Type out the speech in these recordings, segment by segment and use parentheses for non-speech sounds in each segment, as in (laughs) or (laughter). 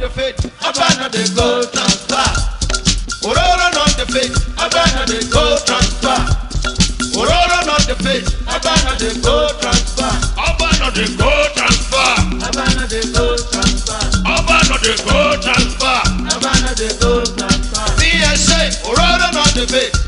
not the faith, Abba the go transfer. Ororo not the faith, Abba not the gold transfer. Ororo not the faith, Abba not the gold transfer. Abba not the gold transfer. Abba not the gold transfer. Abba the go transfer. Abba the go transfer. See I Ororo not the faith.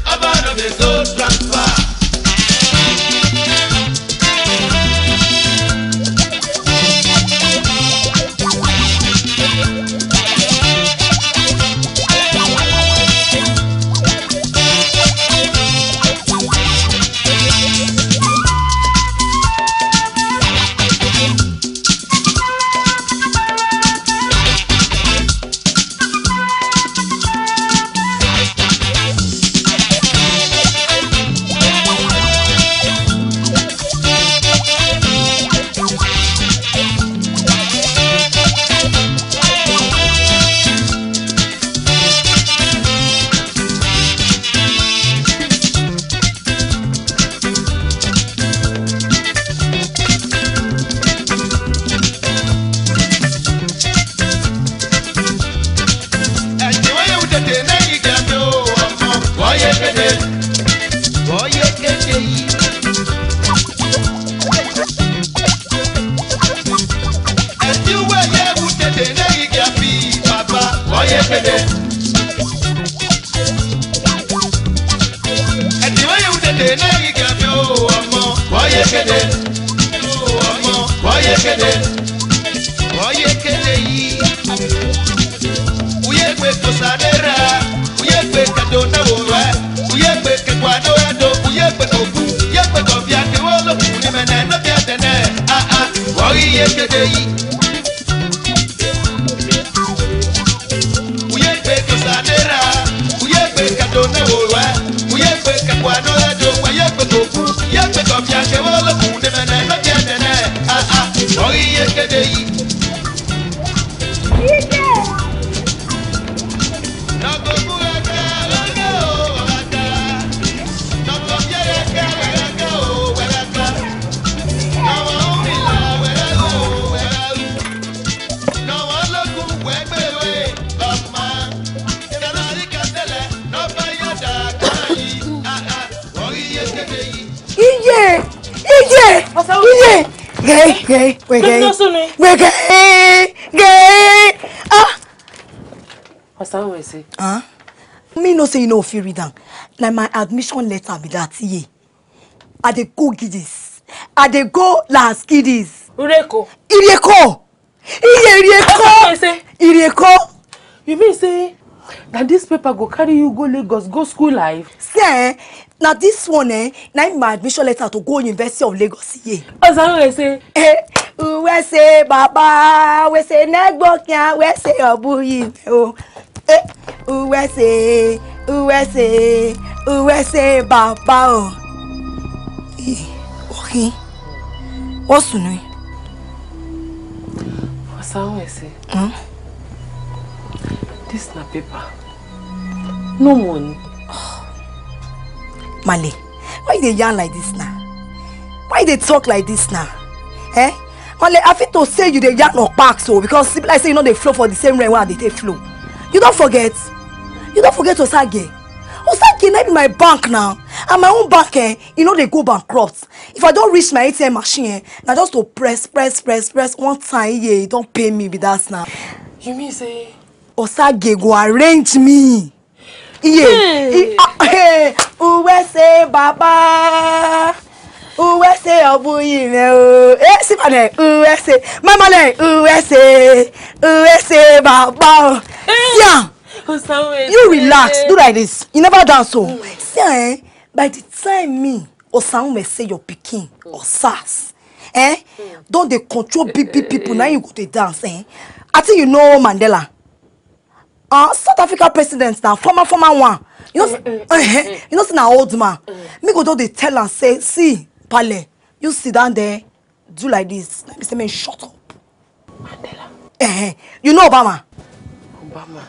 Gay, gay, gay, we're gay. We're gay, gay. Ah. What's that one you say? ah Me no say you no fit read am. Na my admission letter be that ye I dey go Gidis. I dey go Las Gidis. Ireko. Ireko. Ireko. Ireko. You mean say na this paper go carry you go Lagos go school life? See, eh, na this one eh na im my admission letter to go university of lagos ye. say. Eh, we ọ̀sán rẹ̀ ṣe. wẹ́sẹ̀ bàbá we say, wẹ́sẹ̀ ọ̀bùyí o say, wẹ́sẹ̀ wẹ́sẹ̀ bàbá o. ọ̀hìn wọ́n sùn ní. ọ̀sán rẹ̀ ṣe. this na paper no money. Ah. Male, why you dey yarn like this now? Why you dey talk like this now? Eh? Male, I fit to say you dey yarn okpak so because e like say you no dey flow for the same rain wey I dey take flow. You don forget? You don forget Osage? Osage na be my bank now. And my own bank, eh, e no dey go bankrupt. If I don reach my ATM machine, eh, na just to press, press, press, press one time, yeah, e don pay me be that now. You mean say? Osage go arrange me iye hmm. uwese baba uwese ọbụyire o esimane uwese mamale uwese uwese baba o hmm. siam you relax do like this you never dance o siam eh by the time me osanwume say your pikin hmm. osas eh don dey control big big people na you go dey dance eh i think you know mandela uh, south africa president now former former one you know you know say old man Me go do dey tell and say see pale you sit down there do like this na be say man, shut up mandela uh, you know obama obama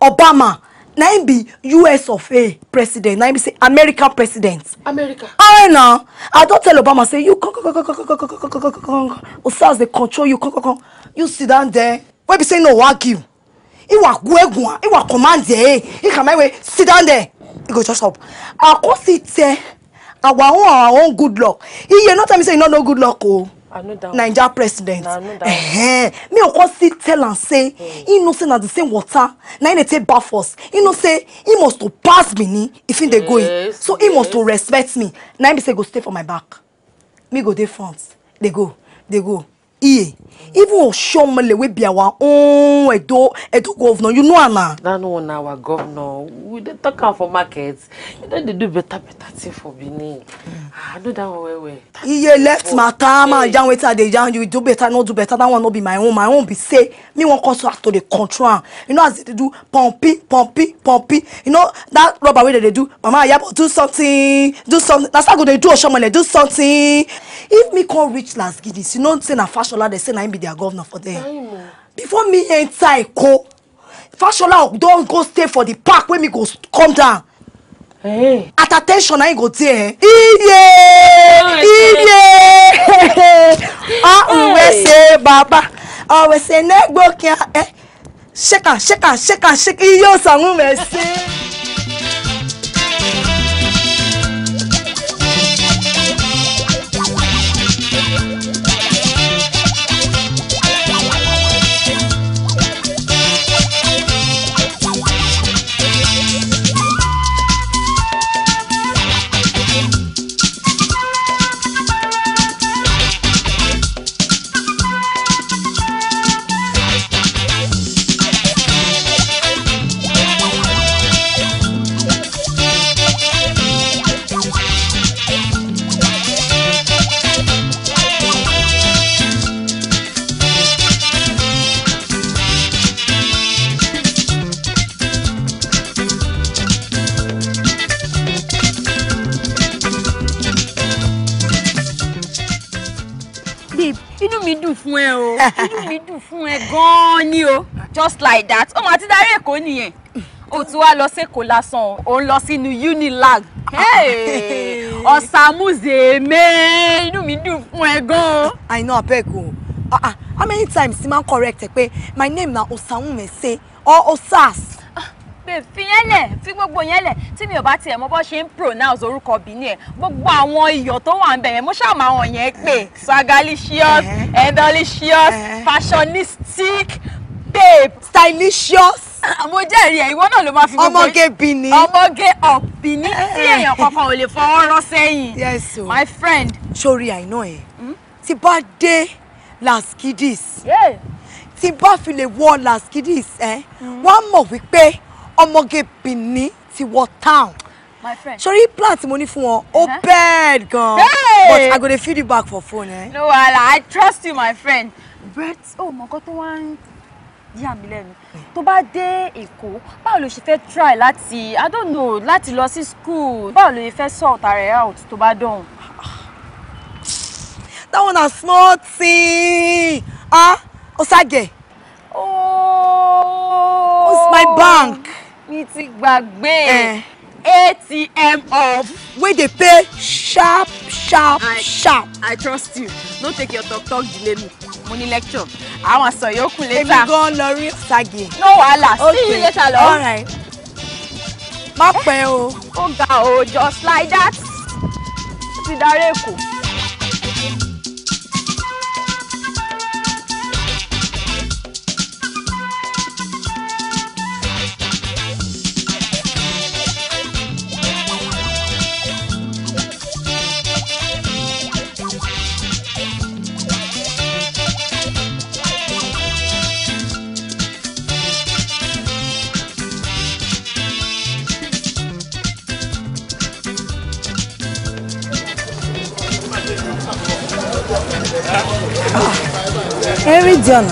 obama Now him be us of a president Now him be say american president america i na i don't tell obama say you come come come come come come come come come osas dey control you come come come you sit down there wey be say no argue iwa gu egun ah iwa command eh e come my way sit down there e go just up akosi te our own our own good luck iye not tell me say you no know good luck o naija president eh me o come still tell am say he hmm. know say na the same water Now him e dey take baff us he know say he must to pass me. if him dey go so he must to respect me Now e he say go stay for my back me go they front They go They go here even oshiomhole wey be our own edo edo governor you know ana That one na our governor we dey talk am for market you don dey do better better thing for benin ah, i do that one well well. iye left matter man yarn wetin i dey yarn you do better no do better that one no be my own my own be say me wan cause her to dey control am you know as they e do pompi pompi pompi you know that rubber wey they dey do mama ayabo do something do something na so i go dey do oshiomhole do something if me come reach las guinness you know say na fashion fashola dey say na him be their governor for there before me enter eko fashola don go stay for the park wey me go come down Hey. at attention I go dey iye iye always say baba always ah, say eh? shake am shake am shake am shake iye osanwu say." mi dùn fún ẹ o inú mi dùn fún ẹ gan-an ni o just like that ó máa ti darí èkó nìyẹn o ti wá lọ sẹ́kọ̀ lásán o ò ń lọ sínú unilag (laughs) ọ̀sàmùzèmé inú mi dùn fún ẹ gan-an. àìná abeg o ah, ah, how many times ti máa correct ẹ pé my name na osamumese or osas pé fi yẹn lẹ̀ fi gbogbo yẹn lẹ̀ tí mi ò bá tiẹ̀ mọ bó ṣe ń pronounce orúkọ Benin ẹ̀ gbogbo àwọn iyọ̀ tó wà ń bẹ̀ yẹn mo ṣáà máa wọ̀n yẹn pé swagalicious endolicious fashionistic babe stylicious mo jẹ́rìí ẹ̀ ìwọ náà ló máa fi gbogbo ọmọge bìíní ọmọge ọ̀bìíní tí èèyàn kankan ò lè fọwọ́ rọ́ sẹ́yìn yes my friend. sori àìná ẹ hmm? tí bá dé Las Kidis tí bá fi lè wọ Las Kidis ẹ hmm. wọ́n mọ̀ wípé ọmọge Benin ti wọ town my friend sori plan tí mo ní fún wọn ó uh-huh. bad gan but i go dey feed you back for phone eh no wahala i trust you my friend but oh, o mọ nǹkan tó wá ń yà mí lẹ́nu hmm. tó bá dé Èkó báwo ló ṣe fẹ́ try láti i don't know láti lọ sí school báwo ló ṣe fẹ́ sort ara ẹ̀ out tó bá dọ̀hún. that one na small thing ah osage. ooo oh. it's my bank mi ti gbàgbé atm of wey dey pay sharp sharp I, sharp. i trust you no take your talk talk delay me mo ní lecture àwọn àṣọ yòókù later. èmi gan lọ rí ṣàgè. no wahala okay. see you later lọ. all right má pẹ́ o. ga o just like that ó ti darí èkó. every dollar.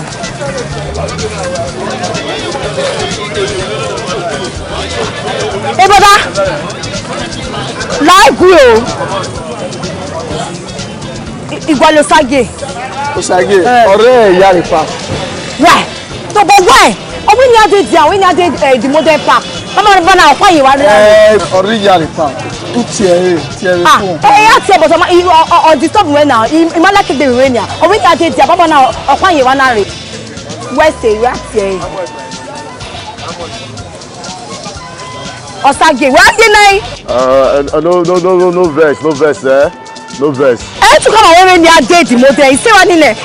Hey, brother. Láì gùn o. Ìgbà ló ságè. Ó ságè, eh. ọ̀rẹ́ ẹ̀ yára pa. Why? Tó bọ̀ why? Ọ̀wé ni Adé di àwọn ní Adé eh, di modern park ọmọ rẹ fọnà ọkọ yìí wà lórí. ẹ ọríyàlì tán ó tiẹ̀ eh, ah, eh, eh, rẹ̀ tiẹ̀ rẹ̀ fún. ẹ yà tiẹ̀ bọ̀tọ̀ ọ̀dìtọ́bù wẹ̀ náà ìmọ̀lẹ́kẹ̀dẹ̀ wẹ̀ náà òun yà tiẹ̀ tiẹ̀ bọ́bọ̀ náà ọkọ yìí wà náà rẹ̀ wẹ́sẹ̀ yà tiẹ̀ rẹ̀. ọ̀sàgè wà á dín náà. no no no no vex no verse. eh no vex. ẹ tún kọ́ àwọn ọmọ You say what tẹ ìṣèwà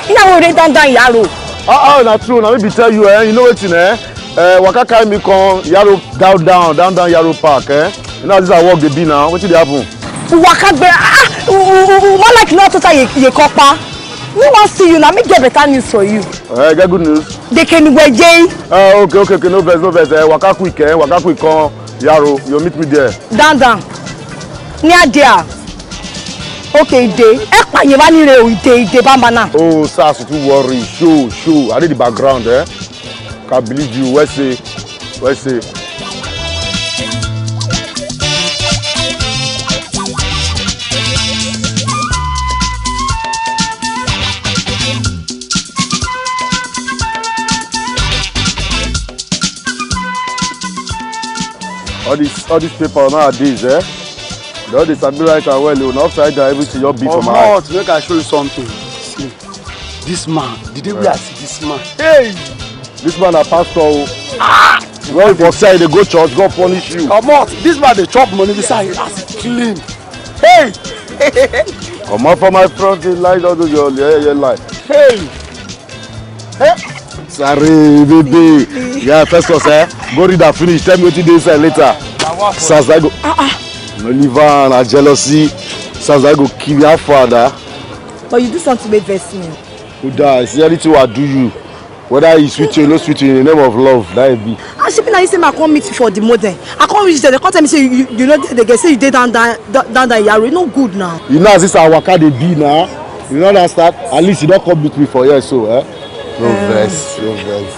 You know, rẹ̀ dandan ìyàrá. ọ̀ ọ̀ na true let me tell you eh you know wetin eh waka carry me come yaro down down down down yaro park eh? you know how this our work dey be now wetin dey happen. waka gbẹ ah one ah, like no total ye kopa we wan see you na me get better news for you. Uh, get good news. dekeniwe jey. Uh, okay okay okay no vex no vex uh, waka quick eh? waka quick come yaro you meet me there. down down near there okay ide ẹ pààyàn bá nílé o ide ide bambana. o sars tún wọrí show show i dey the background. Eh? can believe you well say well say. all this all this paper nowadays eh they all dey sabi write am well o na upside down everything just be for my eye. comot make i show you something see this man the day yeah. wey i see this man hey this man na pastor o. Ah! Well, for say you dey go church, God punish you. Comot, this man dey chop money beside him as clean. Hey! (laughs) Comot for my front, dey lie down to your yeah, lie. Hey! Hey! Sorry, baby. Yeah, first of all, eh? go read that finish. Tell me wetin dey inside later. Sasa I go, ah ah. No leave am, na jealousy. Sasa go kill your father. But you do something wey vex me. Uda, see anything wey I do you whether you sweet you or no sweet you in the name of love that be. ah shebi na you say ma come meet you for the model i come reach there they come tell me say you you no dey again say you dey down down down down yaro e no good na. you know as this our waka dey be na you no understand at least you don come meet me for here so eh no um. vex no vex.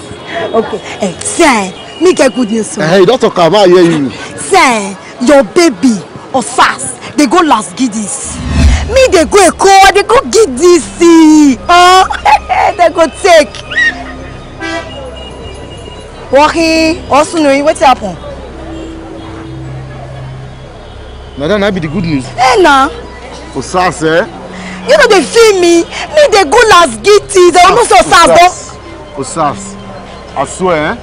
okay eh sir me get good news for you. eh you don talk am i hear you. sir your baby osas dey go las guides me dey go eko i dey go gidisi oh (laughs) they go take. Wahi, Osunui, what happened? Now that might be the good news. Eh na. For SARS, eh? You know they feel me. Me they go last gitty. Eh, they almost for SARS, though. Eh? For SARS. I swear, eh?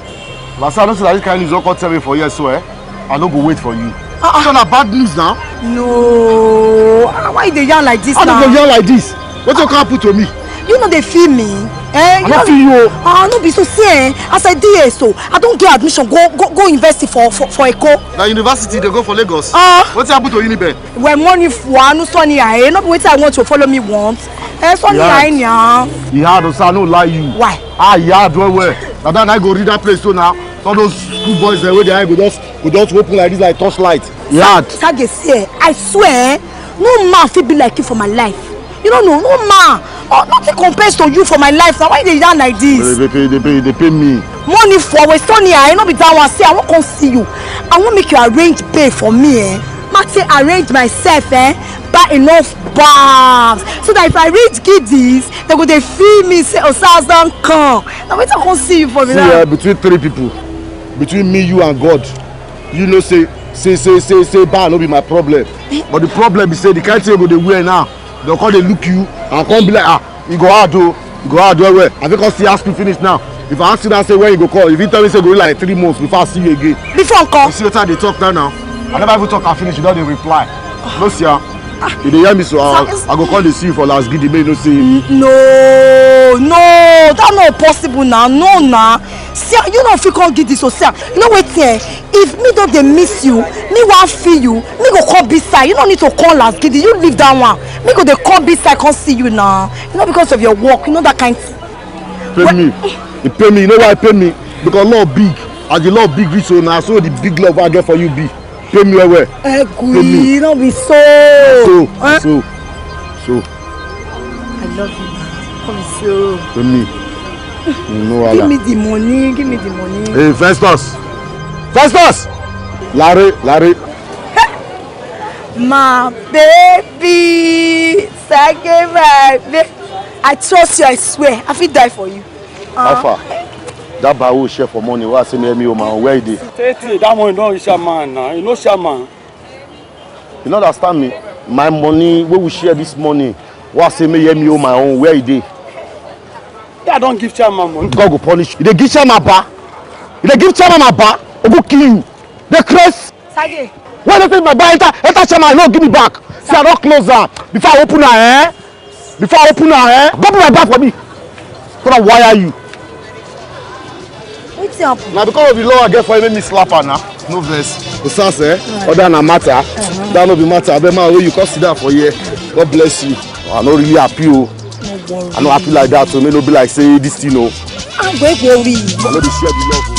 Vasa, I don't see that this kind of news don't come tell me for years, swear. Eh? I don't go wait for you. Uh -uh. It's bad news now. No. Ah, why they yarn like this I now? Why they yarn like this? What uh -uh. you can't put to me? you know they feel me eh I no feel you ah no be so see eh as i dey here so i don get admission go go go university for for for eko. na university dey go for lagos. ah uh, wetin happen to unibe. well money wahanu sani aye no be wetin i want to follow me want eh sani aye na. e hard osa i no lie you. why. ah e hard well well na that i go read that place so na all those school boys dem wey dey eye go just go just open like this like torchlight. e hard. sage see eh i swear no man fit be like you for my life you no know no man Oh, nothing compares to you for my life. Now why they yarn like this? Well, they pay, they pay, they pay me. Money for Westonia. I no be that one. Say I won't come see you. I won't make you arrange pay for me. Eh? Mark arrange myself. Eh? Buy enough bags so that if I reach Giddies, they go they feel me say Osas oh, don come. Now wait I come see you for me. See, now. Uh, between three people, between me, you, and God, you know say say say say say, bar, no be my problem. Eh? But the problem is say the kind thing go they wear now. They come dey look you and come be like ah you go hard o oh. you go hard well well i fit come see ask school finish now if i ask you now say when you go call if you tell me say go be like three months before i see you again. before nkan. you see wetin i dey talk now now i never even talk and finish you don dey reply no see am. Ah you dey hear me so uh, i go come dey see you for last gidi make you know say. no no that no possible na no na see you no fit come gidi so see you know wetin eh if me don dey miss you me wan feel you me go come beside you no need to come last gidi you leave that one me go dey come beside come see you na you know because of your work you know that kind thing. pay me e pay me you know why e pay me because love big as the love big reach so na so the big love i get for you be. Show me your way. Egui, no so. So, so, so. I love you. Come so. Show me. You know Allah. Give me the money. Give me the money. Hey, Festus. Festus. Larry, Larry. my baby, second my baby. I trust you. I swear. I fit die for you. Uh, How far? that bar will share for money why say me oh man where dey thirty that one don reach man na you share man you no understand me my money wey we share this morning why say me hear me oh my own where e dey i don give chairman money god go punish you dey give chairman ba you dey give chairman my ba ogun kill you dey craze sage when you take my bag? enter enter chairman no give me back see i don close am before i open am eh before i open am eh go put my bag for me so that wire you wetin happen. na because of the law i get for you make me slap her na no vex. osas eh other na matter that uh-huh. no be matter abeg man wey you come sit down for here god bless you i no really happy o i no happy like that o make no be like say this thing o. agbègbè ah, rí i. i no dey share the love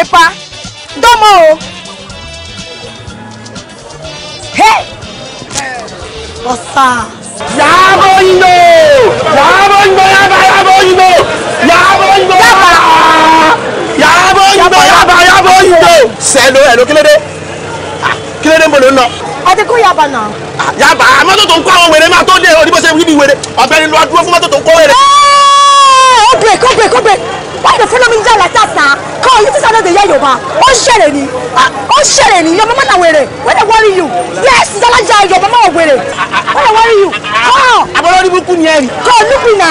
epa dọ́mọ o ọ̀sà. yàrá òyìnbó yàrá òyìnbó yàrá yàrá òyìnbó yàrá òyìnbó yàrá yàrá òyìnbó yàrá yàrá òyìnbó. sẹ́ló ẹ̀ló kílódé kílódé ń bolo ń lọ. àti kó yaba náà. Ah, yaba mọ́tò tó ń kó àwọn wèrè máa tó dé òní bó ṣe níbi wèrè ọ̀bẹ ni lọ́ọ́ dúró fún mọ́tò tó ń kó wèrè. ó bèè kó bèè kó bèè no you think I know the hear Yoruba ó ṣẹlẹ̀ ni ah, ó ṣẹlẹ̀ ni your mama na wèrè wey dey worry you yes Yalaja your mama na wèrè wey dey worry you come. abolori buku ni ẹri. come look me na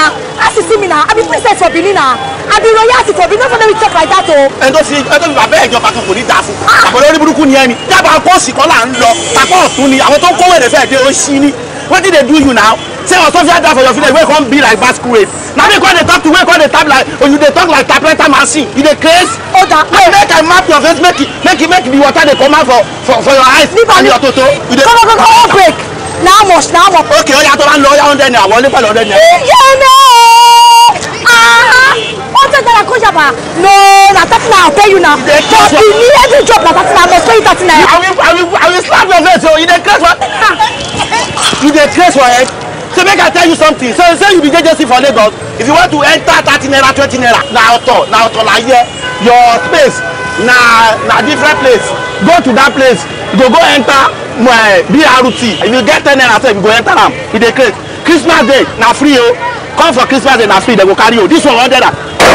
asisi mi na i be princess for Benin na i be royalty for Benin no follow me talk like that o. Oh. ẹni tó fi ẹni tó fi bàbá ẹ̀jọ̀ kankan kò ní dáa fún abolori ah. burúkú ni ẹni dábàá kóòsì kan là ń lọ tapọ̀ ọ̀tún ni àwọn tó ń kówó ẹ̀rẹ̀ fẹ́ẹ̀ dé ó sí ni wetin dey do you now say osofia oh, die for your village wey come be like masquerade na me come dey talk to wey come dey talk like oh you dey talk like typewriter machine you dey craze. oga no make i map your face make e make e make the water dey come out for for for your eyes and your toto. you dey come on, come come break na how much na how much. okay oya oh, tó bá ń lọ oya hundred naira wọlé pẹ̀lú hundred naira. iye náà hundred naira kó yaba no na thirty naira i tell you na but you need every job na thirty naira must pay you thirty naira. i will i will i will slap your face o oh, you dey craze for (laughs) you dey craze for head. Eh? so make i tell you something so say you be jjc for lagos if you want to enter thirty naira twenty naira na ọ̀tọ̀ na ọ̀tọ̀ na here your space na na different place go to that place you go go enter my eh, brt if you get ten naira sef you go enter am e dey craze christmas day na free o come for christmas day na free dem go carry you this one one hundred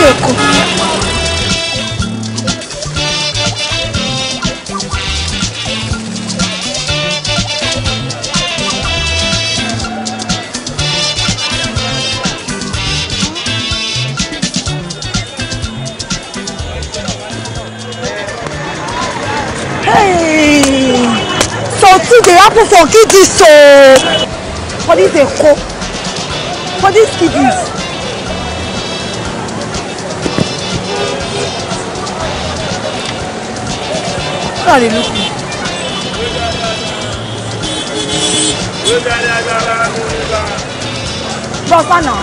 nílùú Èkó. wetin dey happen for kiddies o for dis Èkó for dis kiddies. Oh, they look good. Proper now.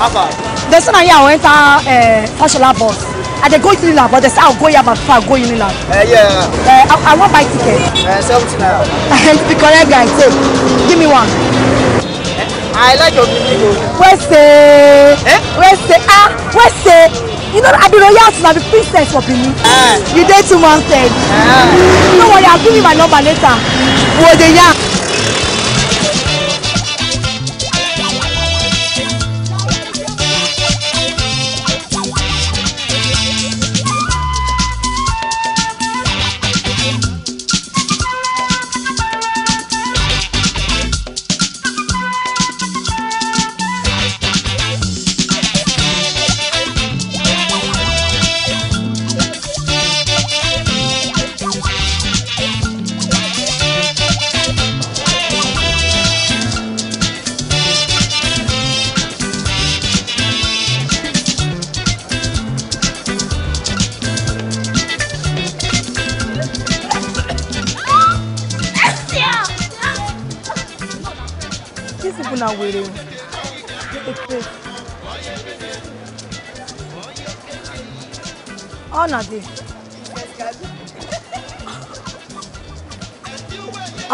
How far? The son here will enter uh, Fashola bus. I dey go Unilag, but they say I'll go here, but I'll go Unilag. Uh, eh, yeah. Uh, I, I won't buy ticket. Uh, eh, 70 naira. (laughs) the correct guy, say, give me one. Uh, I like your video. Where say? Eh? Where say? Ah, where say? You know, I be royal to the princess for Benin. Uh. You date two months. Uh. Don't worry, I'll give you my number later. Wo dey yarn.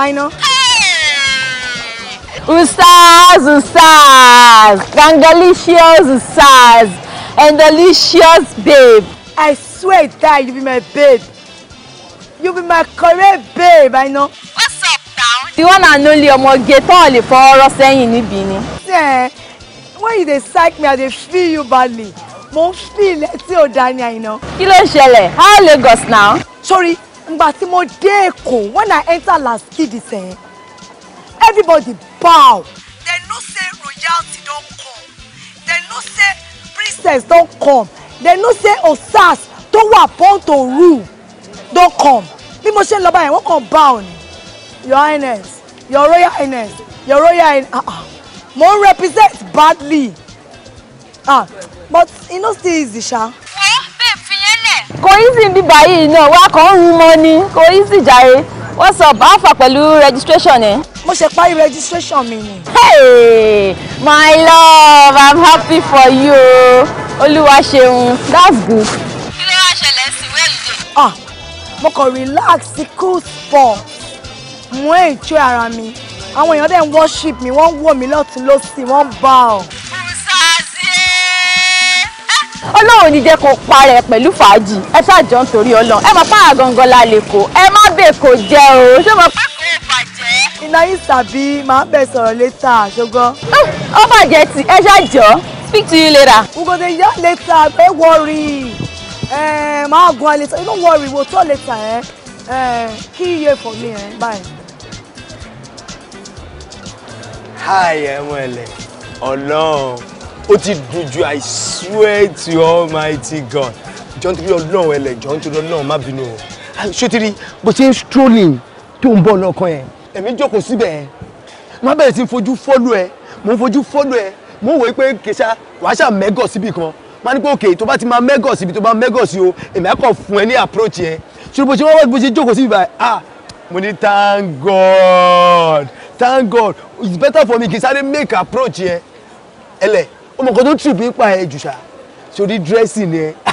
Aino. (laughs) Ustaz, Ustaz, Gangalicious Ustaz, and delicious babe. I swear that you be my babe. You be my correct babe, I know. What's up, town? The one and only ọmọge tó lè fọwọ́rọ́ sẹ́yìn níbí ni. Yeah. When you they psych me, I they feel you badly. Mo feel let's see ò dá ní àyìnà. Kí ló ń How Lagos now? Sorry, ngbà tí mo dé Èkó when I enter last kidis eh, everybody bow. They know say royalty don come. They know say princess don come. They know say Osas tó wà born to rule don come. Bí mo ṣe ń lọ báyìí, wọ́n kàn bow ni. Your highness, your royal highness, your royal highness. Uh -uh. Mo represent badly. Ah, but e no still easy, sha kò easy bí báyìí náà wá kàn ń rún mọ́ ni kò easy jàre what's up alpha pẹ̀lú registration ẹ̀. mo ṣe parí registration mi ni. hey my love i'm happy for you olúwa ṣeun that's good. kí ló wá ṣẹlẹ̀ sí wẹ́ẹ̀lì. Ah, mo kàn relax sí cool sport mo ń enjoy ara mi àwọn èèyàn dẹ̀ ń worship mi wọ́n ń wò mí lọ́tún lọ́sì wọ́n ń bá ọ ọlọ́run ní jẹ́ kó parẹ́ pẹ̀lú fàájì ẹ ṣàjọ ń torí ọlọ́run ẹ mọ̀ pára gangan la lè kó ẹ má bè kó jẹ́ o ṣé mo pa kó bàjẹ́. iná yìí sàbí máa ń bẹ̀ sọ̀rọ̀ létà ṣùgbọ́n. ó bàjẹ́ tí ẹ ṣàjọ speak to you later. we go dey yarn later no worry eh, máa gun ẹ later you no worry we'll talk later eh? Eh, kí iye for me eh? bye. hi ẹ̀wọ̀n ẹ̀lẹ̀ ọlọ́run ó ti dùn jù i swear to almighty god jọ́n torí ọlọ́run ẹlẹ̀ jọ́n torí ọlọ́run má bínú o ah, ṣòtìrí bó ṣe ń strolling tó ń bọ̀ lọ́kàn ẹ̀ èmi jókòó síbẹ̀ ẹ̀ má bẹ̀rẹ̀ sí fojú fọ́lù ẹ̀ mo ń fojú fọ́lù ẹ̀ mo ń wòye pé kèsà wàá ṣà mẹ́gọ̀ síbì kan má ní pé òkè tó bá ti máa mẹ́gọ̀ síbi tó bá mẹ́gọ̀ sí o èmi á kàn fún ẹ ní approach yẹn ṣòro bó ṣe wọ́n bó ṣe jókòó síbì ah mo ní thank god thank god it's better for me kì í sáré make approach yẹn ẹlẹ́ẹ̀ ọmọ kan tó trip nípa ẹ jù ṣá sórí dressing ni ẹ (laughs)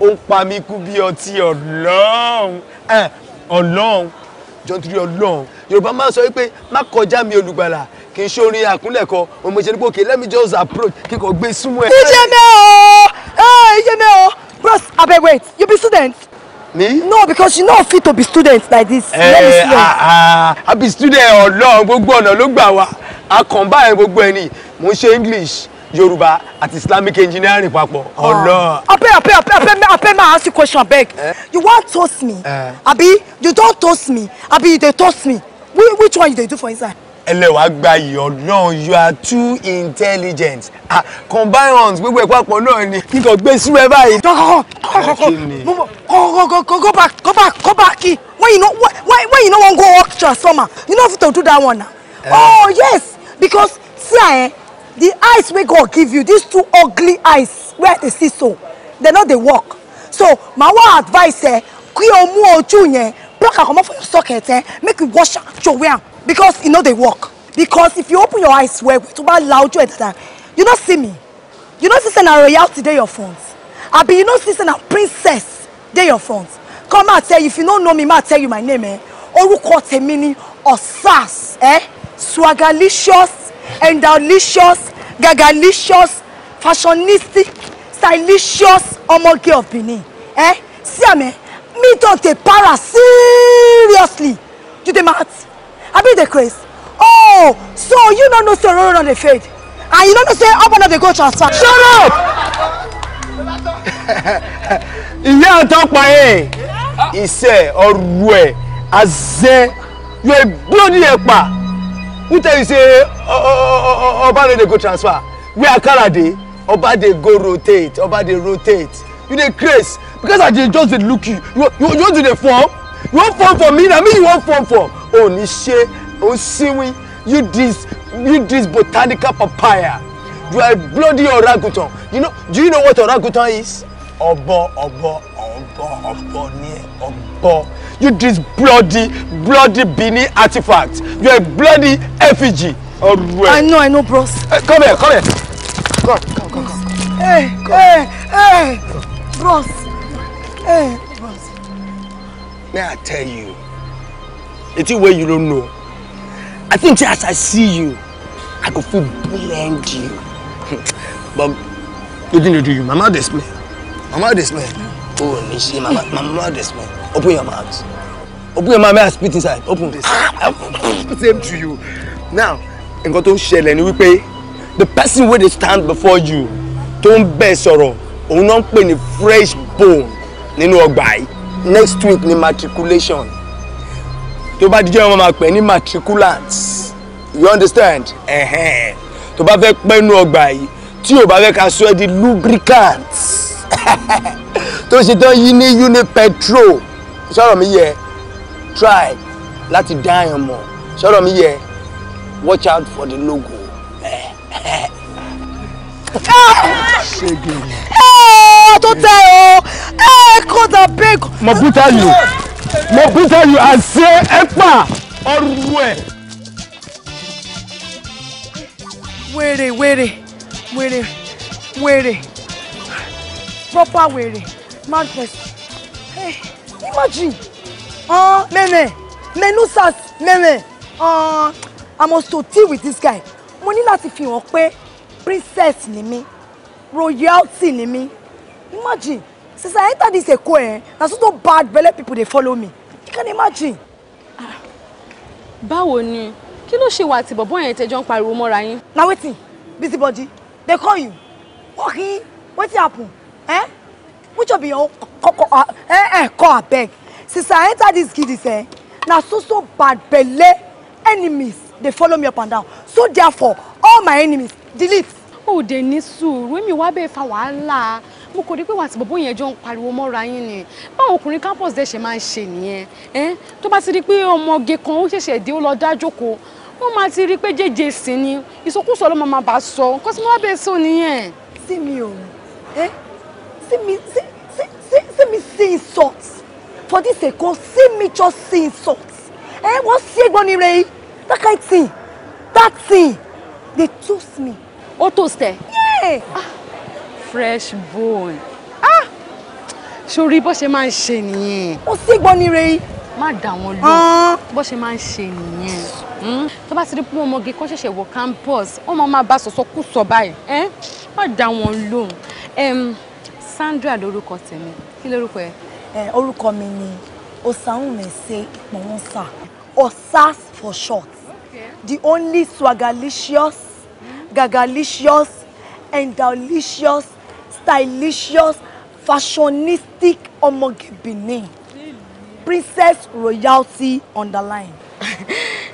ó ń pa mí kú bí ọtí ọlọ́run ọlọ́run jọ nítorí ọlọ́run yorùbá máa ń sọ wípé má kọjá mi olùgbàlà kì í ṣorin àkúnlẹ̀kọ òun ṣe pé okay let me just approach kí kò gbé súnmọ́ ẹ. iṣẹ́ mi o eh, iṣẹ́ mi o bros abeg wait you be student. me. no because you no fit to be student like this. ẹ ẹ eh, ah i ah. be student ọlọ́run gbogbo ọ̀nà ló gbà wá akànbá ẹ gbogbo ẹni mò ń ṣe english Yoruba àti islamic engineering papọ̀ oh. ọlọ. abeg abeg abeg abeg abeg abeg ma ask you question abeg eh? you wan toast me eh. abi you don toast me abi you dey toast me which one you dey do for inside. ẹlẹ́wàá gba ìyọ̀nà you are too intelligent ah combine hands gbogbo ẹ̀ papọ̀ náà ni kíkọ gbé sínú ẹ báyìí. kọ́kọ́kọ́ kọ́kọ́kọ́ go back go back go back kí when you no when, when you no wan go work transformer you no fit to do that one na. Uh, oh yes because see I. eh the eyes wey god give you these two ugly eyes wey i dey see so they no dey work so my one advice eh kí o mú ojú yẹn pluck am comot for your socket eh make you wash am throway am because e no dey work because if you open your eyes well well tó bá la ojú ẹ dáadáa you no see me you no see say na royalty dey your front abi you no see say na princess dey your front come out tell you if you no know me ma tell you my name eh orúkọ tèmi ni osas eh swagalicious and delicious gagalicious fashionistic stylicious ọmọge of Benin eh see am eh me don dey para seriously you dey mad abi dey craze oh so you no know say ororo don dey fade and you no know say obana dey go transfer. shut up ìyá ọ̀tọ́pọ̀ ẹ̀ eh? iṣẹ́ ọ̀rọ̀ ẹ̀ azẹ́ yóò gbóni ẹ̀ pa who tell you say oba no dey go transfer where akara dey oba dey go rotate oba dey rotate you dey craze because i dey just dey look you you you want to dey form you wan form for me na me you wan form for onise osinwi you dis you dis botanical papaya you are bloody orangutan you know do you know what orangutan is ọ̀bọ ọ̀bọ ọ̀bọ ọ̀bọ ni ẹ You this bloody, bloody Bini artifact. You're a bloody effigy. All I know, I know, bros. Uh, come here, come here. Come, come, come, come. Hey, eh, come. hey, eh, eh, hey, come. bros. Hey, bros. May I tell you? The thing way you don't know. I think as I see you, I go feel blend you. (laughs) but you didn't do you. Mama, this man. Mama, this man. Mm. Oh, she, mama, mama, this man. Open your mouth. Open your mouth, may I spit inside? Open this. Ah, same to you. Now, nǹkan tó ń ṣẹlẹ̀ ni pay. the person where they stand before you Don't ń bẹ̀ sọ̀rọ̀ not náà ń fresh bone nínú ọgbà yìí. Next week ni matriculation. Tó bá díjọ́ wọn máa pè matriculants. You understand? Uh-huh. Tó bá fẹ́ pẹ́ nínú ọgbà yìí tí o bá fẹ́ ka sọ ẹ́ di lubricant (laughs) sọ̀rọ̀ mi yẹ try láti dá àyàn mọ̀ sọ̀rọ̀ mi yẹ watch out for the logo. Ah, tó tẹ o kó ta big. mo buta you mo buta you and say ẹ pa ọrùn ẹ. wèrè wèrè wèrè wèrè proper wèrè mad person. Eh. Hey. Imagine. Uh, ah, Meme. Me no sass. Meme. Uh, ah, I must to deal with this guy. Mo ní láti fi hàn pé princess ni mí. Royalty ni mí. Imagine. Since I enter this Èkó eh, na so to bad belle people dey follow me. You can imagine. Ah. Báwo ni? Kí ló ṣe wà tí bọ̀bọ́ yẹn tẹ́jọ́ ń pariwo mọ́ra yín? Na wetin? body. They call you. Walking. Wetin happen? Eh? which of your koko uh, eh eh call abeg since i enter this kiddies eh na so so bad belle enemies they follow me up and down so therefore all my enemies delete. Oh, dé ní sùúrù èmi wá bẹ́ẹ̀ fa wàhálà mo kò rí pé wàá ti bọ̀bọ̀ yẹn jọ ń pariwo mọ́ra yín ni báwọn ọkùnrin campus dẹ̀ ṣe máa ń ṣe nìyẹn tó bá ti rí pé ọmọge kan ó ṣẹ̀ṣẹ̀ dé ó lọ dá jókòó wọ́n máa ti rí pé jẹ́jẹ́ sí ni ìsọkúsọ ló máa bá sọ nǹkan tí wọ́n bẹ́ẹ̀ sọ nìyẹn. sí mi ò ẹ́ see me see see see see me seeing insults for dis Èkó see me just seeing insults eh wọ́n sí ẹ̀gbọ́n ni that kind thing that thing They toast me. ó toast ẹ. yeah. ah fresh bone ah Sorry, but she máa ń ṣe nìyẹn. ó sí ẹ̀gbọ́n ni rẹ̀ yìí. má dà wọn lọ ah. bó ṣe máa ń ṣe nìyẹn hmm? tó bá ti rí pé ọmọge kan ṣẹ̀ṣẹ̀ wọ campus ó máa máa bá sọ̀sọ́ kù sọ báyìí eh? má dà wọn lóhùn. Sandra lorúkọ tèmi kí lorúkọ ẹ. ẹ orúkọ mi ni osanumese iponsa osas for short okay. the only swagalicious gagalicious endalicious stylicious fashionistic ọmọge benin princess royalty underline. (laughs)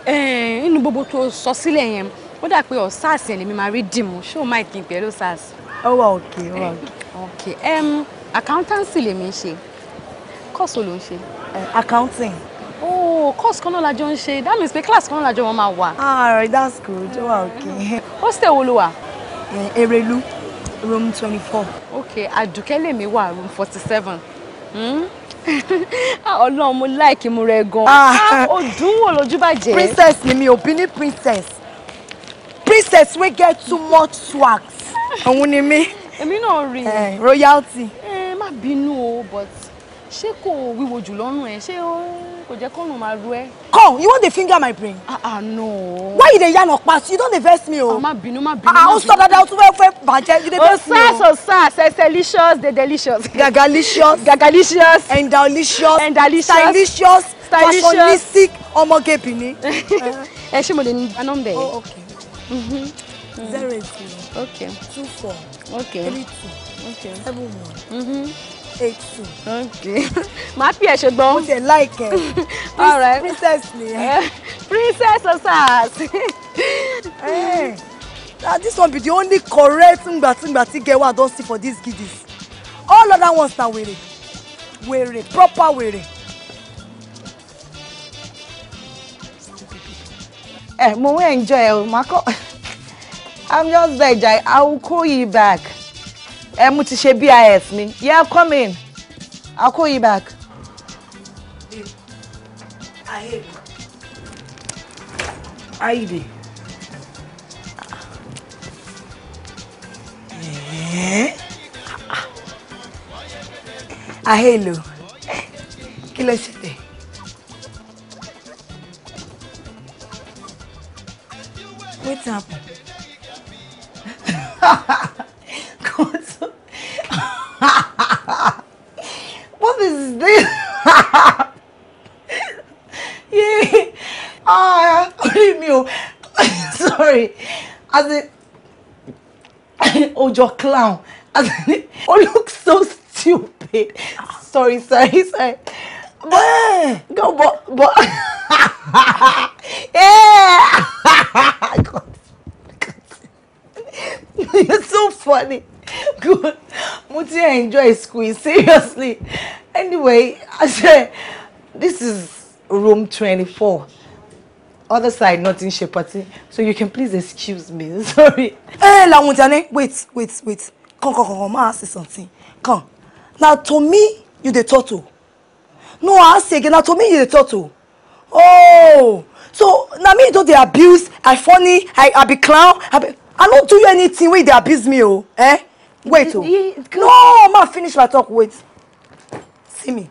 Eh, nínú gbogbo tó sọ sílẹ̀ yẹn ó dà pé ọ̀sáàsì ẹ̀ lèmi máa rí dìmú ṣé o máa kí n pẹ̀lú sars ó wà òkè ó wà òkè. um, accountancy lèmi ń ṣe course wo ló ń ṣe. Eh, accounting. oh course kan náà la jọ ń ṣe that means pe class kan náà la jọ wọn máa wà. Ah, alright that's good ó wà òkè. hostel wo ló wà. Eh, erelu room twenty four. Okay, ok àdùkẹ́ mi wà room forty seven hmm? (laughs) ah, ọlọ́run mo láìkí mu rẹ gan-an ah. ó dùn wo lójú bàjẹ́. princess ni mi ò bí ní princess princess wey get too much swag òun ni mí. èmi náà rí i. royalty. ẹ má bínú o but ṣé kò wíwo jù lọ́rùn ẹ ṣé kò jẹ́ kọ́rùn máa ru ẹ. come you wan dey finger my brain. ah ah no. why you dey yarn ọ̀pá you don dey vex me o. Ah, má bínú má bínú. ah o sọ dada o tún fẹ́ fẹ́ bàjẹ́ you dey oh, vex me o. osas osas oh, seselicious dey delicious. gagalicious gagalicious. endalicious endalicious stylicious stylicious fashionistic ọmọge benin. (laughs) ẹ ṣé mo lè ní nọ́mbà yẹn. Mm-hmm. zero eight zero. okay. two four. okay. three two. okay. seven one. mm eight two. okay. (laughs) màá pè ẹ́ ṣùgbọ́n. mo tẹ̀ láìkẹ́. (laughs) all right. princess ni ẹ. Eh, princess osas. hey, (laughs) eh, ah, this one be the only correct ngbatingbati girl wey i don see for this giddies all other ones na wèrè wèrè proper wèrè. Eh, mo wọ́n enjoy ẹ̀ mako. (laughs) I'm just there, I will call you back. Eh, mo ti ṣe BIS mi. Yeah, come in. I'll call you back. Babe, I hate you. How you Eh? Ahelo. Ah. Ah, eh, kí ló ṣe dé? What's wetin happen. Koto. what is this? (laughs) yeah. Ah, only me. Oh. (laughs) Sorry. As in, (laughs) Ojo clown. As in, oh, look so stupid. Sorry, sorry, sorry. Go, bo. but. (laughs) yeah. God. (laughs) God. You're so funny. Good. Muti, I enjoy school. Seriously. Anyway, I say this is room twenty-four. Other side, not in Shepati. So you can please excuse me. (laughs) Sorry. Hey, La Mutane. Wait, wait, wait. Come, come, come, come. I ask you something. Come. Now, to me, you the turtle no i ask again na to me you dey talk to oh so na me you don dey abuse i funny i i be clown i be i no do you anything wey dey abuse me Oh, eh wait o no ma finish my talk wait see me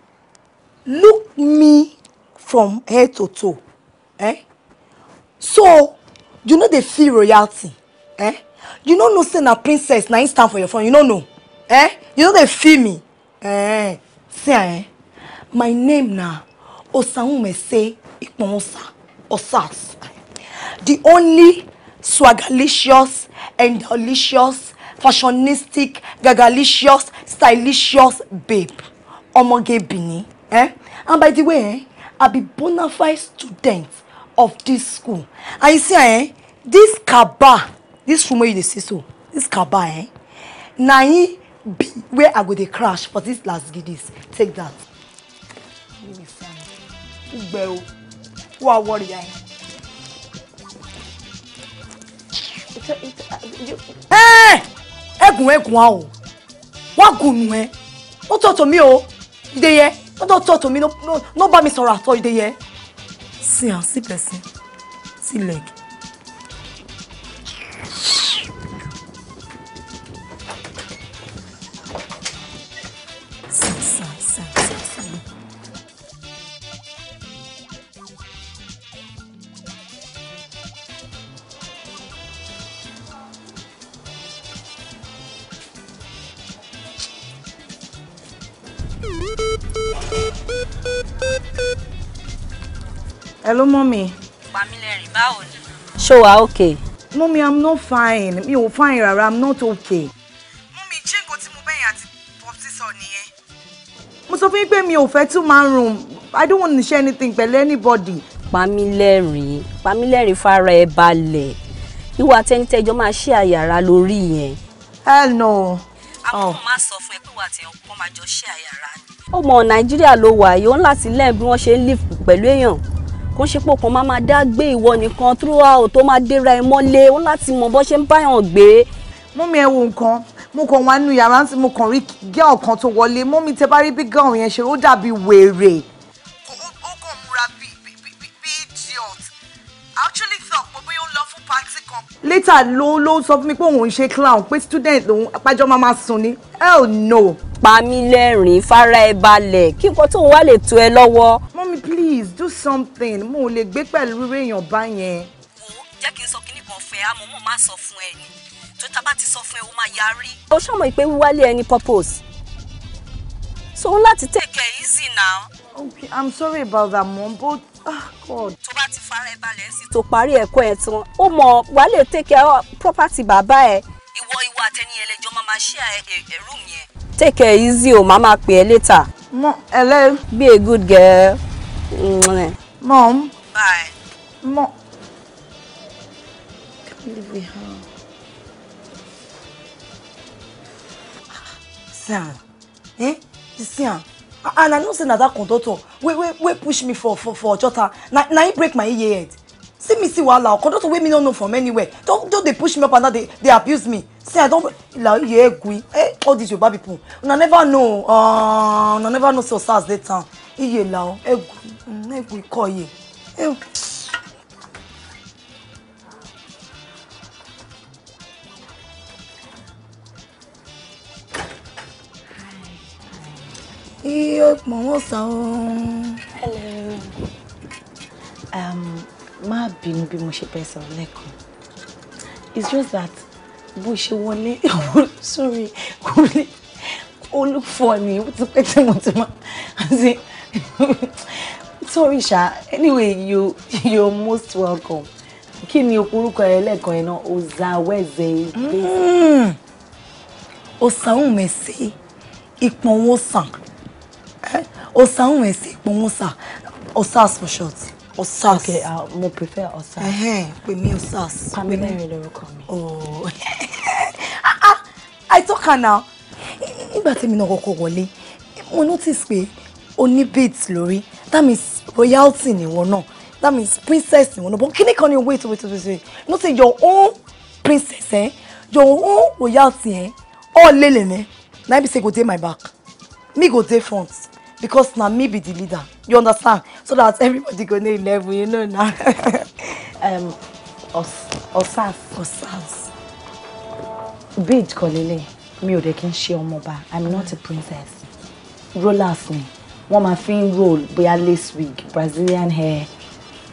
look me from head to toe eh so you no dey feel royalty eh you no know say na princess na im stand for your front you no know eh you no dey feel me eh see eh my name na Osanumese Iponsa Osas. The only swagalicious and delicious fashionistic gagalicious stylicious babe ọmọge Benin. Eh? And by the way, eh, I be bona fide student of this school. And you see, eh, this kaba, this room you dey see so, this kaba, eh, na him be where I go dey crash for this last giddies. Take that yìí fún mi gbẹ o wà wọrí ya yẹn. ẹgùn ẹgùn a o wọn gùn nù ẹ ó tọ̀tọ̀ mi o ìdèyẹ ó tọ̀tọ̀ mi ló bá mi sọ̀rọ̀ àtọ̀ ìdèyẹ. sí à ń sí pẹ̀sìn sí lẹ́gì. Hello, mommy. Pamílẹ́rìn, báwo ni? Ṣé okay? Mommy, I'm not fine. Mi ò fine rárá, I'm not okay. Mommy, ṣé nǹkan tí mo bẹ̀yìn àti Popsi sọ nìyẹn? Mo sọ fún yín pé mi ò fẹ́ two man room. I don't want to share anything pẹ̀lú anybody. Pamílẹ́rìn, Pamílẹ́rìn fara ẹ balẹ̀. Ìwà àtẹnitẹ́jọ́ máa ṣí àyàrá lórí yẹn. Hell no. Àwọn ọmọ oh. máa sọ fún ẹ pé ìwà àtẹ̀yìn ọkọ máa jọ ṣí àyàrá ni. Ọmọ Nàìjíríà ló wà yìí, ó ń láti lẹ́yìn bí wọ́n ṣe ń live pẹ̀lú èèyàn kó ṣe pò kan máa máa dá gbé ìwọ nìkan throughout tó máa déra ẹ mọ́lé wọn láti mọ bó ṣe ń báyàn gbé. mọ́mí ẹ wo nǹkan mo kàn wá nínú yàrá tí mo kàn rí gẹ́ọ̀ kan tó wọlé mọ́mí tẹ bá rí bí gẹ́ọ̀ yẹn ṣe ó dàbí wèrè later ló ló sọ fún mi pé òun ń ṣe clown pé student lòun apájọ máa ma sùn ni hell no. pa mí lẹ́rìn-ín fara ẹ balẹ̀ kí nǹkan tóun wá lè tó ẹ lọ́wọ́. mọ́mí please do something mo ò lè gbé pẹ̀lú irú èèyàn báyẹn. wo jẹ́ kí n sọ kíní kan fẹ́ àmọ́ mo máa sọ fún ẹ ni tó tá bá ti sọ fún ẹ o máa yarí. ó ṣàmọ̀ pé wíwálé ẹni purpose so n láti take it easy now. okay i'm sorry about that mom but Ah, tó bá ti fara balẹ̀ sí tó parí ẹ̀kọ́ ẹ̀ tán ó mọ̀ wà á lè take care property bàbá ẹ̀. ìwọ ìwọ àtẹni ẹlẹjọ máa máa ṣe ẹrú mi ẹ. take care easy o màá máa pè ẹ́ later. mo ẹlẹ. be a good girl. mom. bye. mom. can't leave me home. Sarah, eh? Christian, and i know say na dat conductor wey wey wey push me for for for ojota na na him break my ear head see me see wahala o conductor wey me no know from anywhere don don dey push me up and down dey dey abuse me See i don la iye egui eh all these yoruba people una never know uh, una uh, never know say osas dey town iye la o egui eh mm, egui eh kọ iye. Hello. Um, ma binu bí mo ṣe bẹ́ẹ̀ sọ̀rọ̀ It's just that bó ṣe wọlé sórí (laughs) orí olùfọ̀ ni ó ti pẹ́ tí mo ti máa ṣe. (laughs) Sorry Sha. anyway you you're most welcome. Kí ni orúkọ ẹ lẹ́ẹ̀kan ẹ̀ náà? Ozawẹ́zẹ̀ ìgbésẹ̀. Òsàn ò ìpọ̀n wọn sàn. Osa ń wẹ̀ sí ipò wọn Osas for short. Osas. Okay, uh, mo prefer Osas. Ẹ̀hẹ́n, pè mí Osas. Pamẹ́rẹ́ lorúkọ mi. Oh. (laughs) Ah, ah, I talk her now. Nígbà tí mi náà kọ́kọ́ wọlé, mo notice pé o ní Lori. That means royalty ni wọn náà. That means princess ni wọn náà. But kíni kan ni wait wait wait wait. No say your own princess eh? Your own royalty eh? All lele me. Eh? Na be say go dey my back. Me go dey front because na me be the leader you understand so that everybody go dey level you know now. (laughs) um, osas. osas. bid kọ́lélẹ̀ me ò dẹ̀ kí n ṣe i'm not a princess rollers ni wọ́n máa fi ń roll bóyá lace wig brazilian hair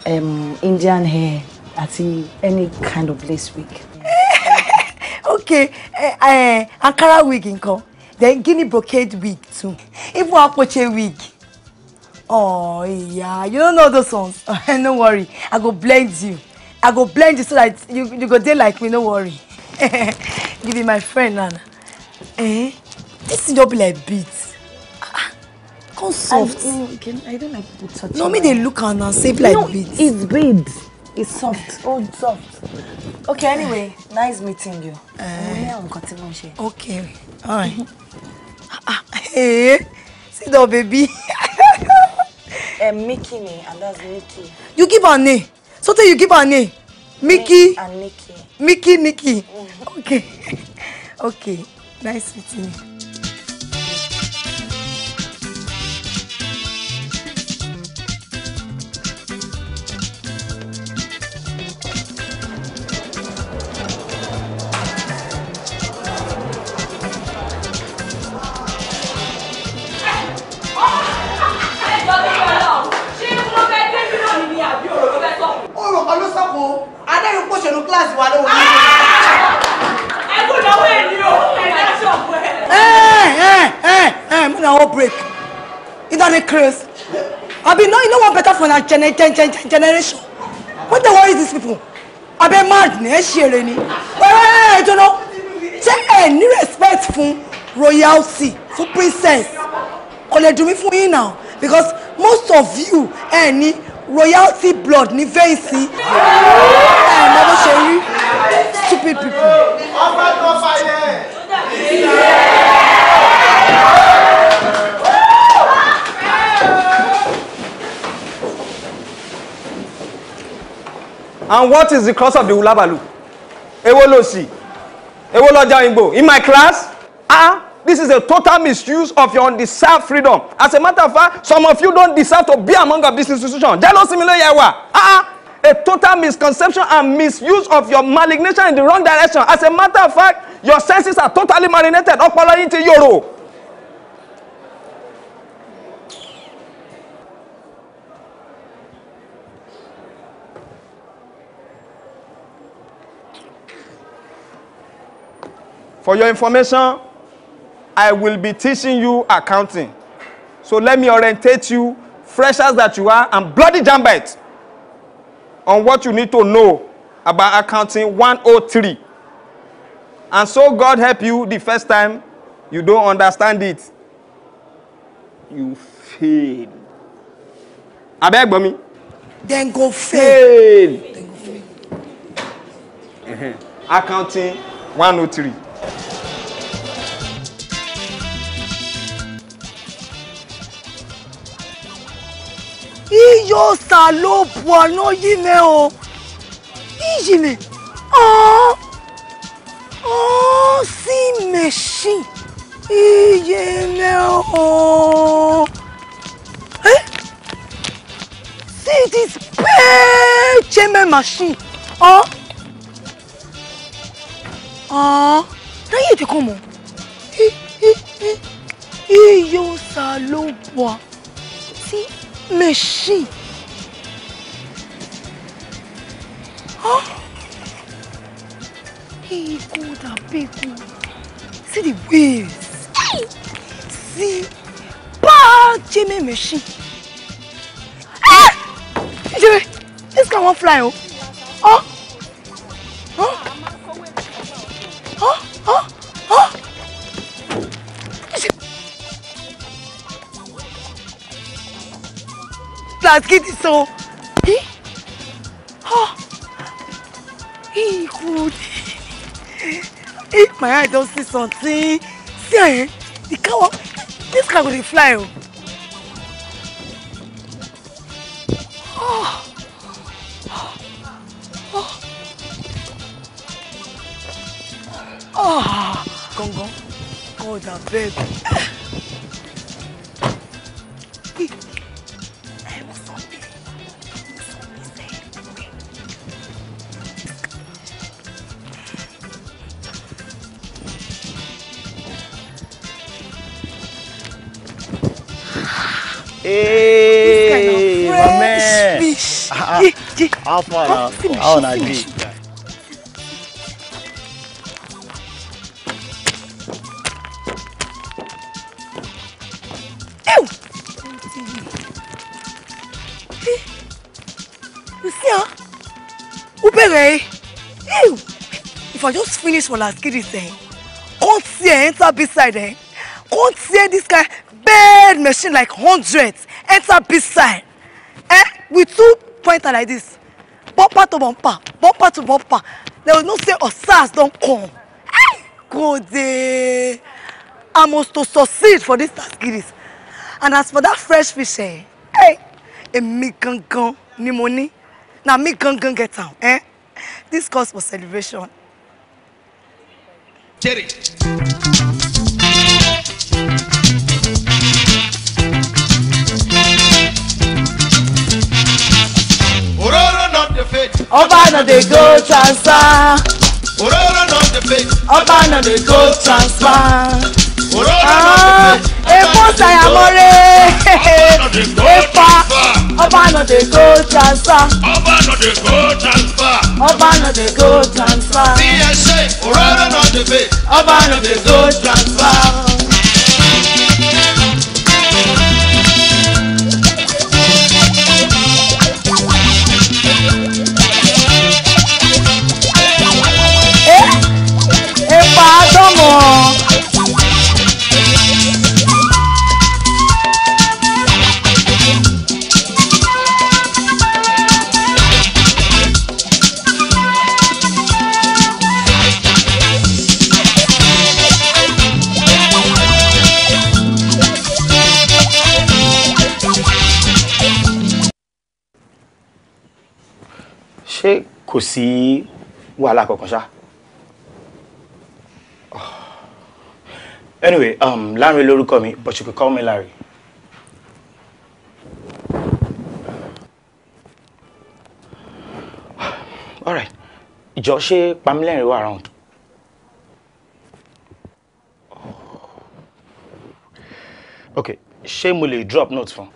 um, indian hair I see any kind of lace wig. (laughs) okay uh, uh, ankara wig nǹkan then guinea brocade wig too even apoche wig oh yeah you don't know those ones (laughs) eh, no worry i go blend you i go blend you so that you you go dey like me no worry (laughs) you be my friend nana eh this thing don be like beads come soft I, no, I don't like people touching no me dey look am and save like no, beads no it's beads It's soft. Oh, soft. Okay, anyway, nice meeting you. Eh. Mo Okay, all (laughs) Hey, ah, ah, eh, sit down, baby. um, (laughs) Mickey ni, and that's Nikki. You give her name. So tell you give her name. Mickey. and Nikki. Mickey, Nikki. Mm. Okay. (laughs) okay, nice meeting you. customers wà lóhùn ní. ẹ kò lọ́wọ́ èyí o ẹ̀dá ṣọ̀bù ẹ̀. ẹ ẹ ẹ ẹ mi na hold break you don dey craze abi no you no wan better for na gene gen gen gen generation what dey worry these people abẹ mad ni ẹ ṣeré ni ẹ ẹ jọlọ ṣé ẹ ní respect fún royalty fún princess kò lè dùn mí fún yín now because most of you ẹ ní royalty blood ní fèsì ẹ mọ bó ṣe rí stupid people. ọgbẹ́ tó fàyè. And what is the cross of the hulabalu? Ewo ló sì? Èwo ló ja òyìnbó? In my class? Ah! This is a total misuse of your undeserved freedom. As a matter of fact, some of you don't deserve to be among of this institution. Jealous similar yawa. Ah, ah, a total misconception and misuse of your malignation in the wrong direction. As a matter of fact, your senses are totally marinated. Ọpọlọ yín ti For your information, I will be teaching you accounting. So let me orientate you, freshers that you are, and bloody jump it on what you need to know about accounting 103. And so God help you the first time you don't understand it. You fail. Abeg gbọ́ mi. Then go fail. fail. Then go fail. Accounting 103. io sta può no gli neo Igine Oh Oh si meshi Igine oh Eh Si ti specie me mashi Oh Oh Dai te come Io sa lo può machine. Oh. Hey, good, big one. See the waves. Hey. See, bad Jimmy machine. Ah! Jimmy, this guy won't fly, oh. maskiti so eh oh eh good eh my eye don't see something see eh the cow. this cow will fly oh oh oh oh gangan god abeg. Gdzie? A para, finish, a ona finish. bi. Ubere, ew, if I just finish what last kid is saying, can't see enter beside him. Can't see this guy bad machine like hundreds enter beside. Eh? With two point like this bumper to bumper bumper to bumper they will know say osas oh, don't come Good, go i must to succeed for this task, taskiris and as for that fresh fish eh hey èmi gangan ni mo ní na me gangan get out. eh this calls for celebration. Jerry. Oba no dey go transfer. Ororo no dey pay. Oba no dey go transfer. Ororo no dey ah, pay. Epo sayamore. Epa. Oba no dey go transfer. Oba no dey go transfer. Oba no dey go transfer. CSA. Ororo no dey pay. Oba no dey go transfer. ṣé kò sí wàhálà kankan ṣá. anyway um, Lanre lórúkọ mi but you could call me Larry. alright ìjọ ṣe pamílẹ́rìn wà round. ok ṣé mo lè drop note fún.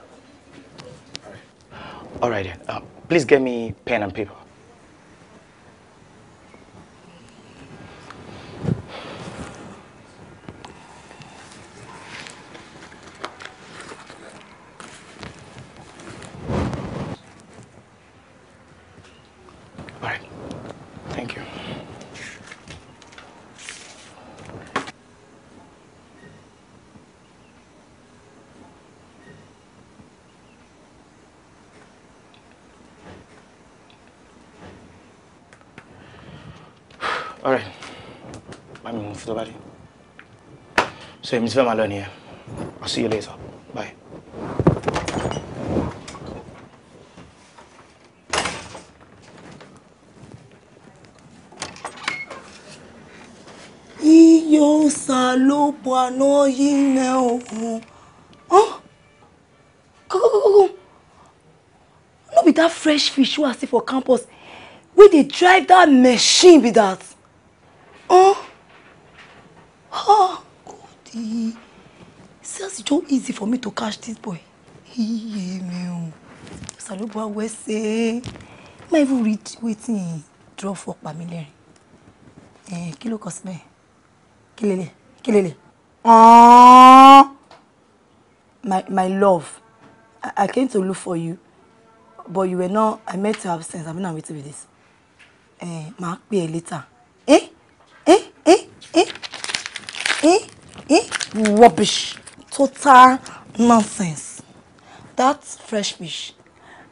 alright then um, please get me pen and paper. All right. Let me move to the body. So, Mr. Fema learn here. I'll see you later. Bye. Iyo sa lo bwa no o. Huh? Go go go go. No be that fresh fish wey I see for campus. We they drive that machine with that. too easy for me to catch this boy. Iye mi say my awe se. Ma even read wetin draw for Pamilerin. Eh, kilo ló kọ síbẹ̀? Kí lélẹ̀? My my love, I, I came to look for you, but you were not. I met your absence. I'm not mean, waiting with this. Eh, Mark, pè ẹ́ later. Eh? Eh? Eh? Eh? Eh? Eh? Rubbish total nonsense that fresh fish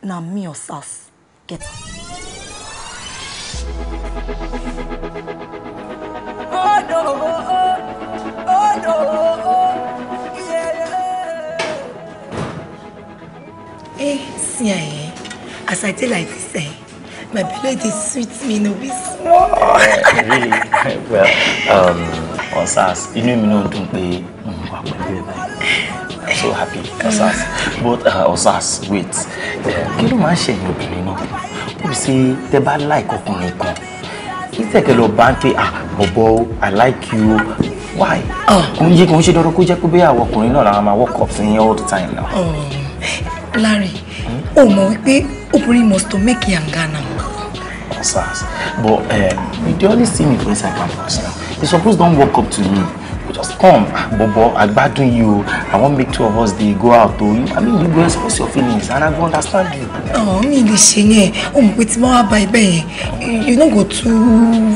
na me or sars get am. Oh, no, oh, oh, no, oh, yeah. Hey, eh, see, eh? As I tell like this, eh? My belly is sweet me no be small. (laughs) Really? (laughs) Well, um, Osas, inú mi náà dùn pé wà pẹ̀lú ẹ̀ báyìí i'm so happy osas but uh, osas wait Can you imagine ń ṣẹ̀yìn obìnrin náà ó bí ṣe tẹ bá like ọkùnrin kan ìtẹ̀kẹ́ lọ bá ń pè ah Bobo, i like you why ah. kò ń yé kò ń ṣe dandan kó jẹ́ pé bẹ́ẹ̀ àwọn ọkùnrin náà làwọn máa up to yín all the time now. Oh. Larry Oh, my wípé obìnrin must to make yanga Ghana. osas but um, you only see me for inside campus now you suppose don't walk up to me just come bobo agbadun you i won't make two of us They go out o i mean you go express your feelings and i go understand you. Oh, mi lè ṣe yẹn ó mọ̀ pé tí you don't go to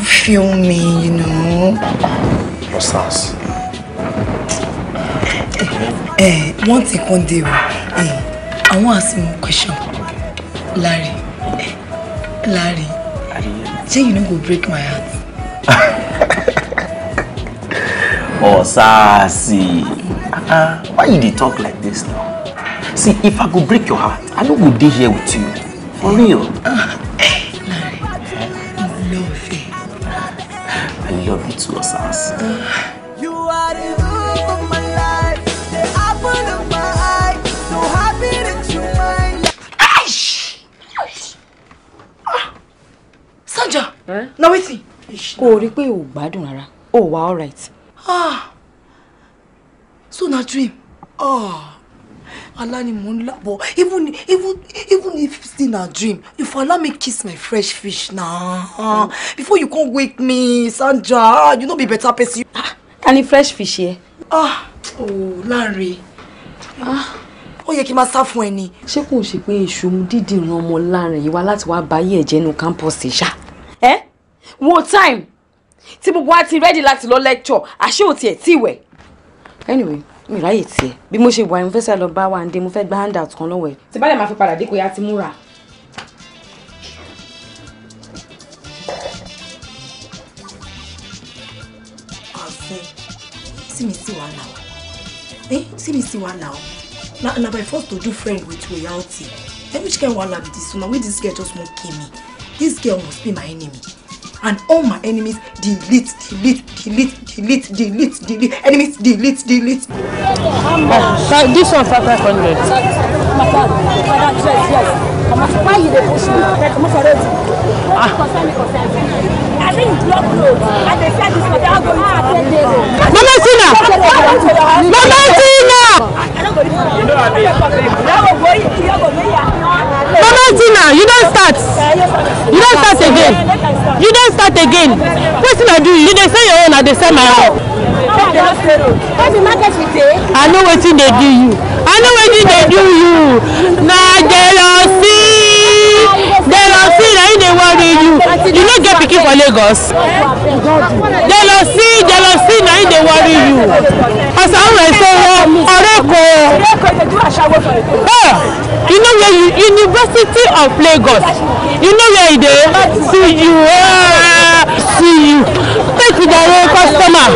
feel me you know. your stars. Eh, one thing kan dey o eh, i wan ask you a question eh, Larry Larry say you don't go break my heart. (laughs) Oh, sassy. Uh, why you dey talk like this now? See, if I could break your heart, I no go be here with you. For real. Uh, I love you. I love you too, Osas. Uh, you now the see. Oh, my life, the apple of my eye, so you mine. Ah, Sanja, eh? na wetin? Kò alright ah so na dream ah alani ni mo ń labọ even even even if still na dream you for allow me kiss my fresh fish na ah before you come wake me Sandra ah you no be better person. ah can you fresh fish here? ah oh, Larry. ah ó yẹ kí n máa sá fún ẹ ni. ṣé kò ṣe pé èṣù dídì ran ọmọ Lanre yìí wá láti wá báyé ẹ̀jẹ̀ nu campus ṣá. ẹ wo time tí gbogbo wa ti rẹ́dí láti lọ lecture àṣé ò tiẹ̀ tí ìwẹ̀. anyway mi ráyè tiẹ̀ bí mo ṣe wà ní fẹsẹ̀ lọ bá wa ń dé mo fẹ́ gba handout kan lọ́wọ́ ẹ̀. tí bá lè máa fi padà dé kò yá ti múra. see me see one now. Eh? See me see one now. Now, now my first to do friend with royalty. Then which kind wahala be this one? Where this girl just won't kill me? This girl must be my enemy and all my enemies delete delete delete delete delete delete enemies delete delete. Uh, this one five five hundred. mama tina mama tina. Mama now, you don't start. You don't start again. You don't start again. What Wetin I do you? You say your own, I dey say my own. I know wetin they do you. I know wetin they do you. Na jealousy. They lost see na im dey worry you. You no get pikin for Lagos. They lost see they lost see na im dey worry you. Ọ̀sán ọ̀rọ̀ ẹ̀sẹ̀ wọ ọ̀rẹ́ kò. You know where you University of Lagos. You know where e dey? See you. Ah, see you. Take with your own customer.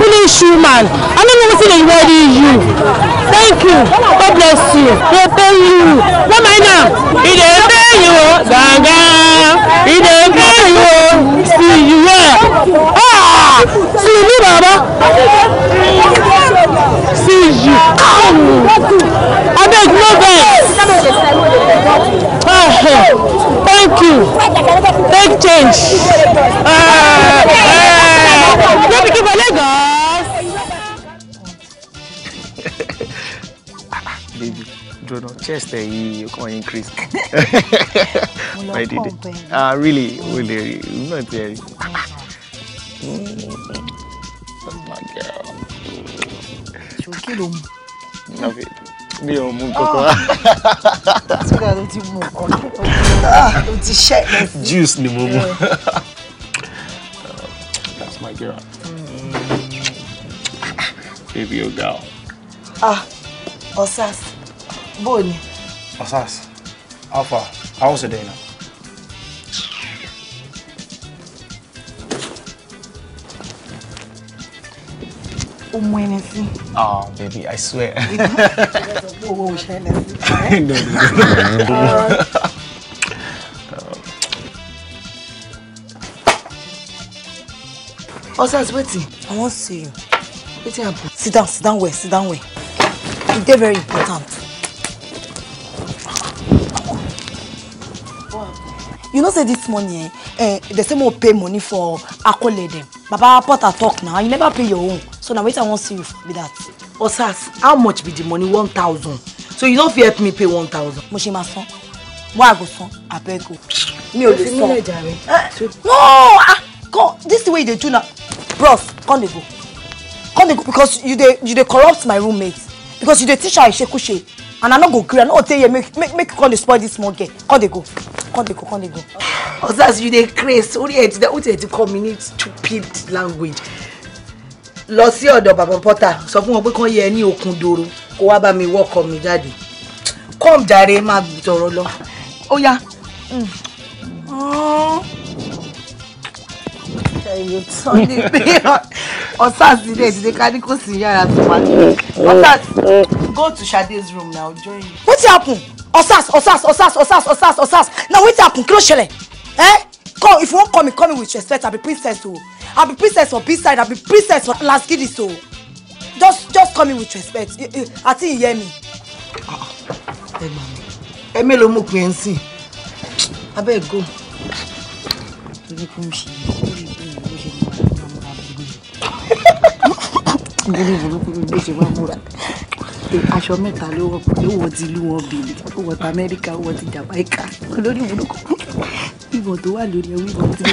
Finish shoe man. I no know wetin dey worry you. Thank you. God bless you. Go pay you. Wọ́n máa ń nà. Ìdè pay you. Ganga, he dey play you see you well. Ah, see you baba. See you. Abeg no vex. Ah, thank you. Take change. Ah, ah, no give a leg. dúró chest e, (laughs) (laughs) ẹ yìí kàn increase. mo lọ pọ̀ bẹ́ẹ̀. ah really oh, mm. oh, o lè rí i náà ti ẹ rí. ṣùgbọ́n ló mú. mi ò mú kókó. sódà ló ti mú nǹkan ló ti ṣẹ́ juice ni mo mú. (laughs) that's my girl. Mm. Baby, your girl. Ah, Osas bó ni. Osas, how far? Dana. the day ah, baby i swear. no no no. Osas waiting. i want to see you sit down sit down well sit down well It's very important. you know say this money eh, eh, they say make we pay money for akole dem baba porter talk now. you never pay your own so na wetin i wan see you for be that. osas how much be the money one thousand so you no fit help me pay one thousand. mo ṣe máa san wá àgò san abeg o mi ò lè san eh, no ah come this way you dey do na bros come dey go come dey go because you dey you dey corrupt my roommate because you dey teach her isekuse and i no go gree i no go tell you make make make you come dey spoil this small girl come dey go kọ́kàndé kọ́kàndé gan. osas you dey craze orí ẹ̀ ti dẹ́ ó ti ẹ̀ ti kọ́ mi ní stupid language lọ sí ọ̀dọ̀ bàbá pọ́tà sọ fún wọn pé kán yẹ ẹ ní okun doro kó wá bá mi wọ́ ọkọ mi jáde kọ́m jàre máa tọrọ lọ ó yá. osas ti dẹ́ ti dẹ́ ká ní kò sí yàrá tó wà ní osas go to Sade's room now join me. wetin happen. Osas, osas, osas, osas, osas, osas. na wetin happen kí ló ṣẹlẹ̀ come if you wan call me call me with respect i be princess o i be princess for big side i be princess for lasgidis o just just call me with respect I àti ìyẹ́ mi. Ah, ah. ẹ mélòó mú pin ẹ ń sìn abẹ́ go. torí kò ń ṣe lórí ìgbìmọ̀ ló múra gbogbo yìí. lórí ìbùrúkú ló ṣe wá múra pé aṣọ mẹ́ta ló wọ̀ pé wọ́n ti lú wọn bèèrè ó ti amẹ́ríkà ó ti jàmáìkà olórí burúkú ìbọn tó wà lórí ẹwú ìbọn tí mo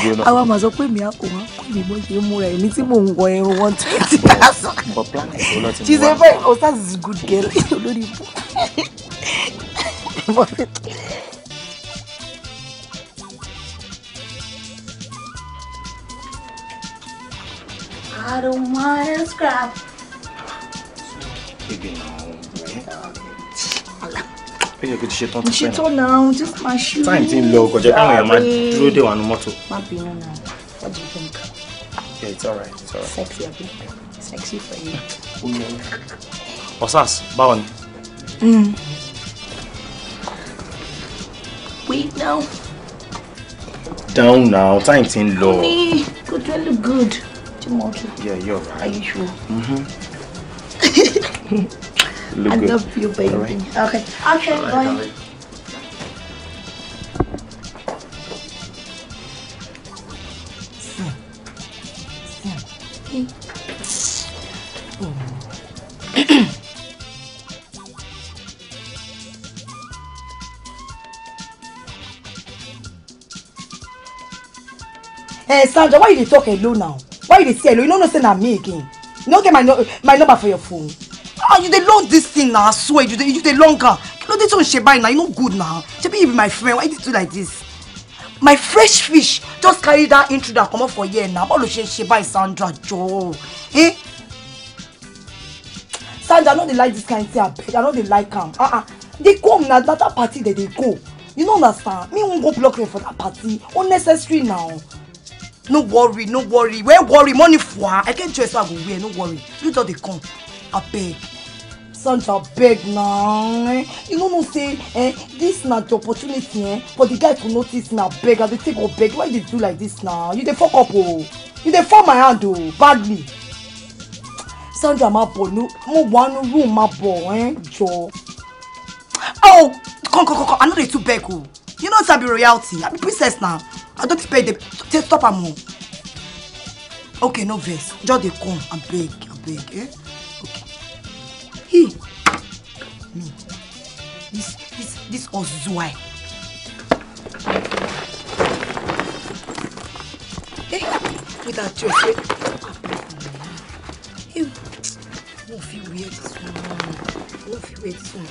fi àwa máa sọ pé mi àkó wọn kó mi bọ́ ṣe múra ẹ̀mí tí mò ń wọ ẹrun one twenty thousand she say fẹ́ osas is good girl olórí (laughs) burúkú. I don't want scrap baby now. Ó yẹ kó ti ṣe tán ti pẹ́ náà. Mo ṣe tán náà, just máa ṣú. Táyì ti ń lọ kọjá káwọn èèyàn máa dúró dé wà ní mọ́tò. Má bínú náà, what do you think? Yeah, it's alright, it's alright. Sexy abi? Sexy for you. Osas, báwo ni? Wait now. Down now, táyì ti ń lọ. Ní, kò look good. Jimoke. Yeah, you're right. Are you sure? Mm-hmm. Look I good. love you, baby. Right. Okay. Okay, All right, bye. Hey, eh, Sandra, why you dey talk alone now? Why you dey see alone? You no know say na me again. You no get my, my number for your phone ah you dey love this thing na i swear you dey you dey long am ah. kí ló dé tó na you no good na shebi you be my friend why you dey do like this my fresh fish just carry that intruder comot for here na bọ́ọ̀lù ṣe ṣe báyìí Sandra jọ̀ọ́ eh? Sandra no dey like this kind thing abeg i no dey like am ah ah dey come na that party dey dey go you no understand me wan go block rain for that party unnecessary now no worry no worry wey worry money for her i get dress wey i go wear no worry you just dey come abeg son abeg na now. you know, no say eh this not the opportunity eh for the guy to notice Now, beg i they take beg. why they do like this now? you the fuck up oh! you the fuck my hand oh! badly sandra ma bọ no mo wà no room my boy. eh jọ. oh come come come i no dey too beg oh! you know it's i be royalty i be princess now. i don't expect them. Just stop am o oh. okay no vex just dey come and beg, eh. He. me This, this, this Ozuai. Hey, without your shit. Hey, won't feel weird this one. Won't feel weird this one.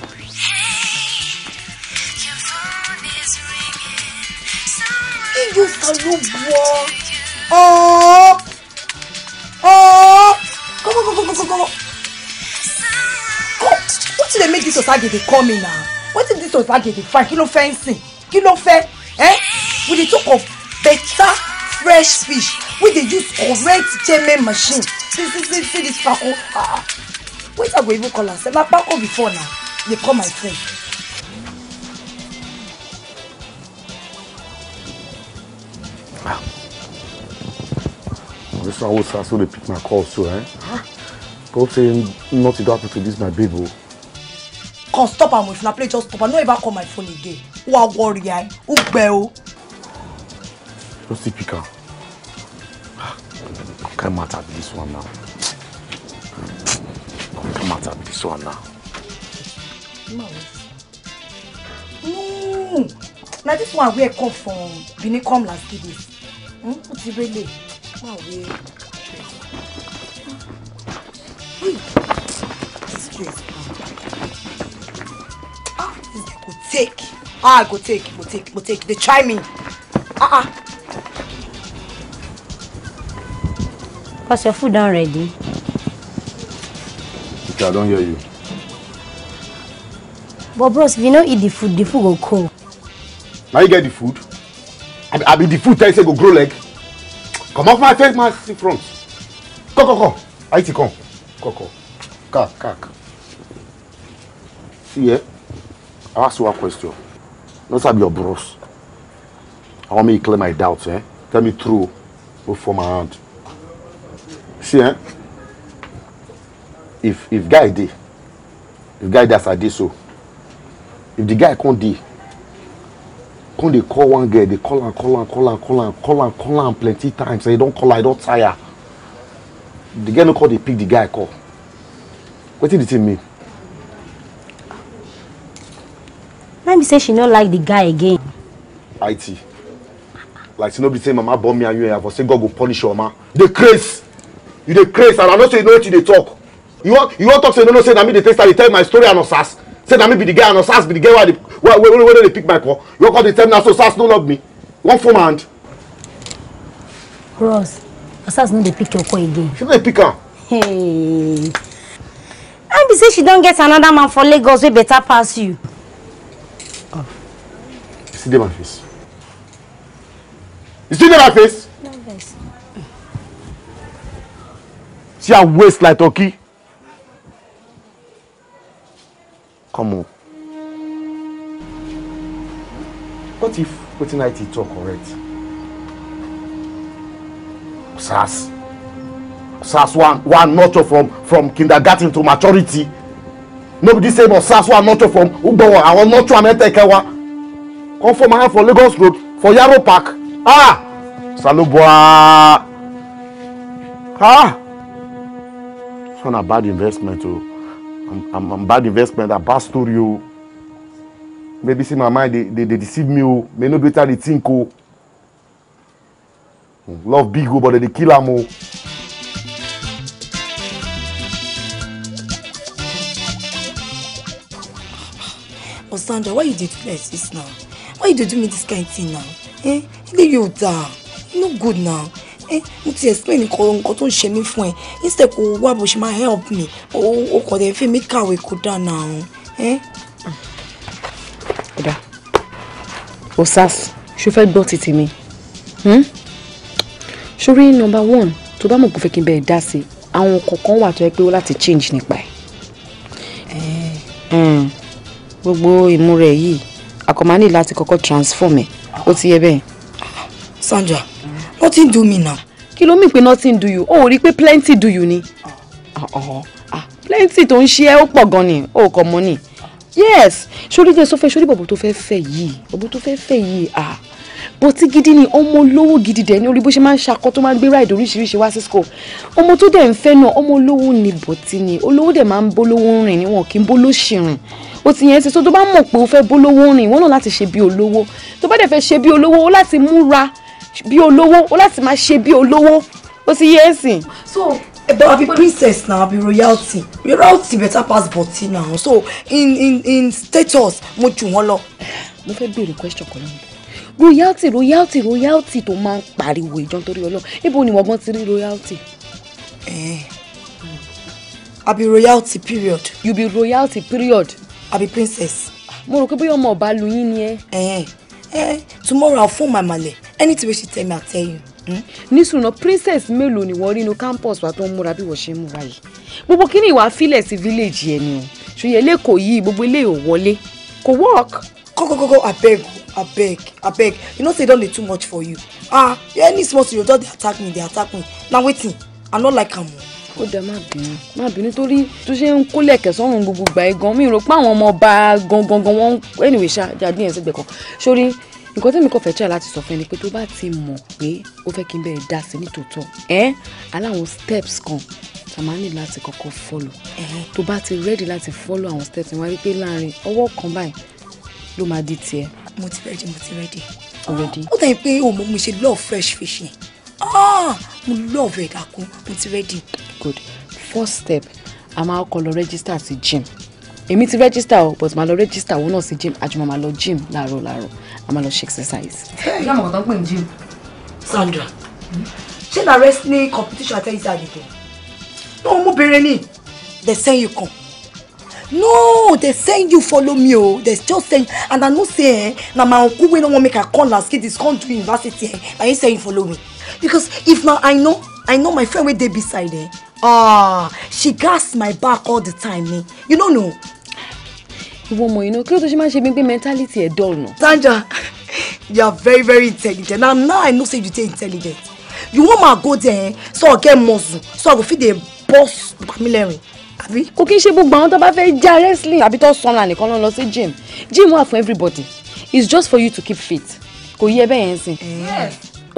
Hey, you salute, boy. Oh. this osagede call me now wetin this osagede find kí ló fẹ́ ń sìn kí ló fẹ́ eh we dey talk of better fresh fish we dey use correct german machine see see see see this pako ah, ah. wait i go even call am sef na pako before na dey call my friend. Ah. This one was so they pick my call so eh. Huh? Hope say nothing don happen to this my babe o. Oh come stop am if na play just stop am no ever call my phone again who wa worry i who gbẹ o. no still pick am kind matter be this one now kind matter be this one now. no na this one wey come from Benin come last three days hmm? o ti rele ma wey wait take ah i go take go take go take They try me ah ah. Cause your food don ready. Okay, I don't hear you. But bros, if you no eat the food, the food go cold. Now you get the food? I, I be the food tell you say go grow leg. Come off my face, my see front. Come, come, come. I see come. Come, come. Kak, kak. See here. Yeah? I'll ask you one question. Let's have your bros. I want me to clear my doubts, eh? Tell me true before my hand. See, eh? If if guy dey, if guy does I did so. If the guy can't dey, come they call one girl They call and call and call and call and call and call and plenty times They eh? don't call am don't don tire the girl no call. They pick the guy call What did it mean na be say she no like the guy again it like she no be say mama born me and you and for say god go punish your mama The craze you the craze and i know say you know what you they talk you want you want talk say no no say that me the taste You tell my story and osas say that me be the guy and osas be the guy where i where where they pick my call you wan come dey tell me na so osas no love me one full hand. ross osas no dey pick your call again. she no dey pick am. Hey. i be say she don't get another man for lagos wey better pass you. See my face. You see my face? No See her waste like turkey. Come on. What if wetin he talk correct? Sass. Sass one one nurture from from kindergarten to maturity. No be the same as Sass one nurture from Ugbowo. Àwọn nurture amẹ́tẹ̀kẹ́ wa come for my hand for Lagos road for Yaro park ah salubua ah this one na bad investment o oh. I'm I'm bad investment na bad story o oh. maybe say my mind dey dey dey deceive me o oh. may no be wetin i dey think o oh. love big o oh, but dem dey kill am o. Oh. Osanja why you dey do like this now why you dey do me this kind thing now eh ilé yóò dáa e no good now eh mo ti explain nǹkan nǹkan tó ń ṣe mí fún ẹ instead kò wá bó ṣe máa help me o kò dẹ̀ fẹ́ mi kàwé kó dáa now eh. ọ̀dà osas ṣo fẹ́ gbọ́ títí mi ṣorí hmm? number one tó bá mọ̀ kó fẹ́ kí n bẹ̀rẹ̀ dá sí àwọn kọ̀ọ̀kan wà tó yẹ pé ó láti change nípa ẹ̀ eh. hmm. gbogbo ìmúra ẹ̀ yìí àkọ́mánì láti kọ́kọ́ transform ẹ̀ ó ti yẹ bẹ́ẹ̀. Sandra nothing do me now. kí ló mìín pé nothing do you o ò rí pé plenty do you ni. Ah, plenty tó ń ṣe ẹ́ ó pọ̀ gan ni o kò mọ̀ ni yes sórí jẹ́ sọ́fẹ́ sórí bọ̀bọ̀ tó fẹ́ fẹ́ yìí bọ̀bọ̀ tó fẹ́ fẹ́ yìí ah bọ́tí gidi ni ọmọ olówó gidi dẹ̀ ní orí bó ṣe máa ń ṣakọ tó máa ń gbé ráìdì oríṣiríṣi wá sí school ọmọ tó dẹ̀ ń fẹ́ náà ọmọ olówó ni bọ́tí ni olówó dẹ̀ máa ń bólówó rìn níwọ̀n kí n bólóṣì rìn o ti yẹn ti so tó bá mọ̀ pé o fẹ́ bólówó rìn ìwọ náà láti ṣe bí olówó tó bá dẹ̀ fẹ́ ṣe bí olówó o láti múra bí olówó o láti máa ṣe bí olówó o ti yẹ ẹ̀sìn. so but I be princess now I royalty royalty better pass body now so in in in status mo jù wọ́n lọ. mo fẹ́ béèrè question kan lónìí royalty royalty royalty tó máa ń pariwo ìjọ torí Ọlọ́run níbo ni wọ́n ti rí royalty. Eh. I be royalty period. You be royalty period àbí princess. mo rò pé bóyá ọmọ ọba lu yín ni ẹ. tomorrow i'll phone my malle anything wey she tell me i'll tell you. Hmm? nísùnà princess mélòó ni wọ́n rí inú campus wa tó ń múra bí wọ́n ṣe ń múra yìí gbogbo kí ni ìwà fílẹ̀ sí village yẹn ni o ṣòye lẹ́kọ̀ọ́ yìí gbogbo ilé ò wọlé kò work. kọ́kọ́kọ́kọ́ abeg abeg abeg you know say e don dey too much for you ah any small thing you just dey attack me dey attack me na wetin i no like am o ó dá má bínú má bínú torí tó ṣe ń kólẹ̀ kẹsàn-án gbogbo gbà ẹ́ gan mi rò pé àwọn ọmọ ọba gangan wọn anyway ṣá jáde yẹn sẹ́gbẹ̀ẹ́ kan sórí nǹkan tẹ́mi kọ́ fẹ́ tíra láti sọ fún ẹ ni pé tó bá ti mọ̀ pé ó fẹ́ kí n bẹ̀rẹ̀ dá sí nítòótọ́ ẹ́ aláwọn steps kan tá máa ń ní láti kọ́kọ́ fọ́lọ̀ tó bá ti rẹ́dì láti fọ́lọ̀ àwọn steps wọ́n á rí pé láàrin ọwọ́ kan báyìí ló máa di tiẹ̀. mo ti rẹ́dì mo ti rẹ́dì. ó dàbí pé òun mo ṣe love fresh fish Ah, mo love ẹ̀ dákun mo ti ready. good first step a máa kọ lọ rẹ́gísítà sí gym èmi ti register, o but màá lọ rẹ́gísítà òun náà sí gym àjùmọ̀ màá lọ gym láàárọ̀ láàárọ̀ a máa lọ ṣe exercise. ṣé àmọ̀ kan tó ń pè ní gym. Sandra hmm? ṣé na wrestling competition àtẹ̀yìn sáà dìbò No, mo bèrè ni. they send you come no they send you follow me o they just send and i know say eh, na my uncle wey no wan make i come last kid is come do university eh, na him send you follow me because if na i know i know my friend wey dey beside eh ah she gas my back all the time eh. you no know. ìwọ ọmọ yìí náà kí ló tó ṣe máa ń ṣe mí pé mentality ẹ̀ dull nù. Sanja (laughs) you are very very intelligent and now i know say you dey intelligent you wan ma go there eh so i get muscle so i go fit dey boss pamilerin àbí. kò kí n ṣe gbogbo àwọn tó bá fẹ́ já wrestling àbí tó sanra nìkan ló ń lọ sí gym gym wà fún everybody it's just for you to keep fit kò yẹ bẹ́ẹ̀ yẹn sìn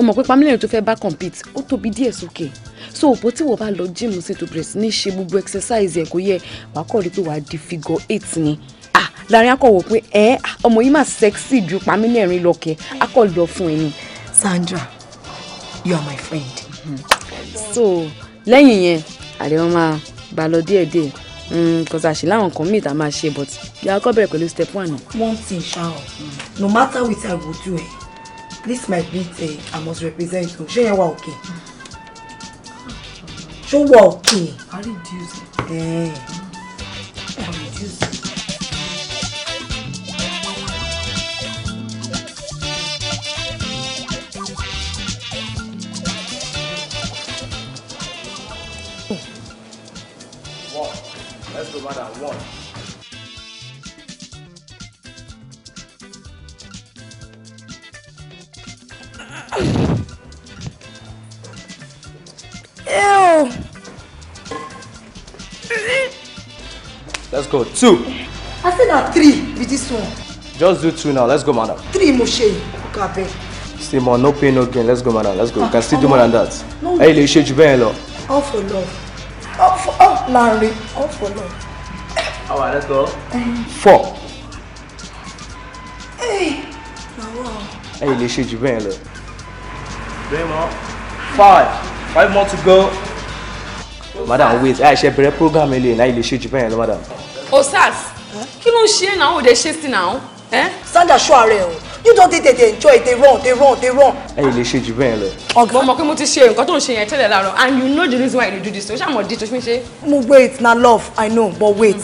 ọmọ pé pamílẹ̀ tó fẹ́ bá compete ó tóbi díẹ̀ sókè so òpó tí wọ́n bá lọ gym sí press. bẹ̀rẹ̀ sí ní ṣe gbogbo exercise ẹ̀ kò yẹ wàá kọ́ rí pé wàá di figure eight ni ah láàrin akọ̀wọ̀ pé ẹ ọmọ yìí mà sexy ju pamílẹ̀ rin lọ́kẹ́ akọ̀ lọ fún ẹ ni. Sandra you are my friend. Mm -hmm. so lẹ́yìn yẹn àlẹ́ wọn máa bá lọ díẹ̀díẹ̀ because hmm, àṣì láwọn nǹkan míì tá a máa ṣe but yàrá kọ́ bẹ̀rẹ̀ pẹ̀lú step one. one thing ṣáà no matter wetin i go do eh this might be it eh? I must represent you oh, ṣé yẹn wà òkè ṣó wà òkè. I reduce. Eh. I Let's go, madam. One. score two. I said that three be this one. Just do two now. Let's go, madam. Three Moshe. Okay, Still more, no pain, no gain. Let's go, madam. Let's go. you can still do more than that. Ah, no. Hey, lè ṣe jù bẹ́ẹ̀ lọ. All for love. All for all, Larry. All for love. All right, let's go. Eh. Four. Eh, hey. Hey, lè ṣe jù bẹ́ẹ̀ lọ. Three more. Five. Five more to go. Madam, wait. I should a program early. Now you lè ṣe madam. Oh, Sars, ló ń ṣe now náà ó dé ṣe sí náà. sanda ṣọ́ ara you don't think they dey enjoy they run they run they run. ẹ lè ṣe jù bẹ́ẹ̀ Okay. But mo mọ̀ pé mo ti ṣe nǹkan tó ń and you know the reason why you do this So, ṣàmọ̀ di tó fi ṣe. mo wait na love i know but wait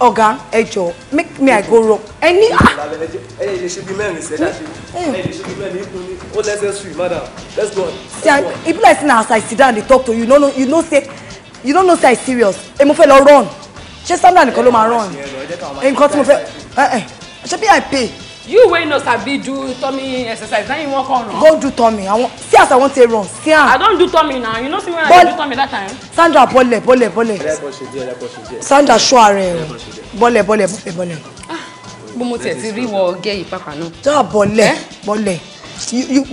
ọ̀gá ẹ make me i go run ẹni. Ah! ẹ lè ṣe bí mẹ́rin ṣẹ̀dá ṣe ẹ lè ṣe bí mẹ́rin ikú ni ó necessary madam let's go see i e be like say na as i sit down dey talk to you you no know you know say you don't know say i serious I'm fẹ́ lọ run ṣé Sandra nìkan ló máa rán ni nǹkan tí mo fẹ́ eh, eh, ṣé bí i pay. you wey no sabi do tummy exercise na you wan come run. go do tummy see as i wan take run see am. i don do tummy na you know see when i dey do tummy that time. Sandra bọ́lẹ̀ bọ́lẹ̀ bọ́lẹ̀ Sandra show ara ẹ̀ bọ́lẹ̀ bọ́lẹ̀ bọ́lẹ̀ bọ́lẹ̀. Ah, bó mo tiẹ̀ ti rí wọ gẹ́ ìpapà náà. jọ́ bọ́lẹ̀ eh? bọ́lẹ̀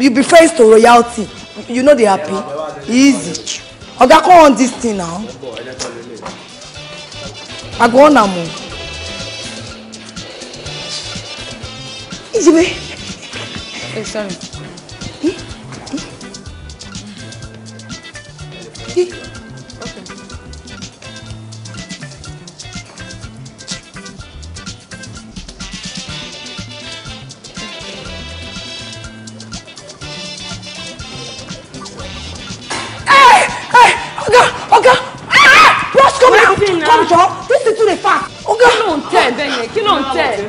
you be friends to royalty you no dey happy easy oga come on this thing now agona mu izibe eh sorry eh? Eh? eh. I'm sure this is too dey far. ọ̀gá kí ló ń tẹ̀ ẹ́ yẹn kí ló ń tẹ̀ ẹ́.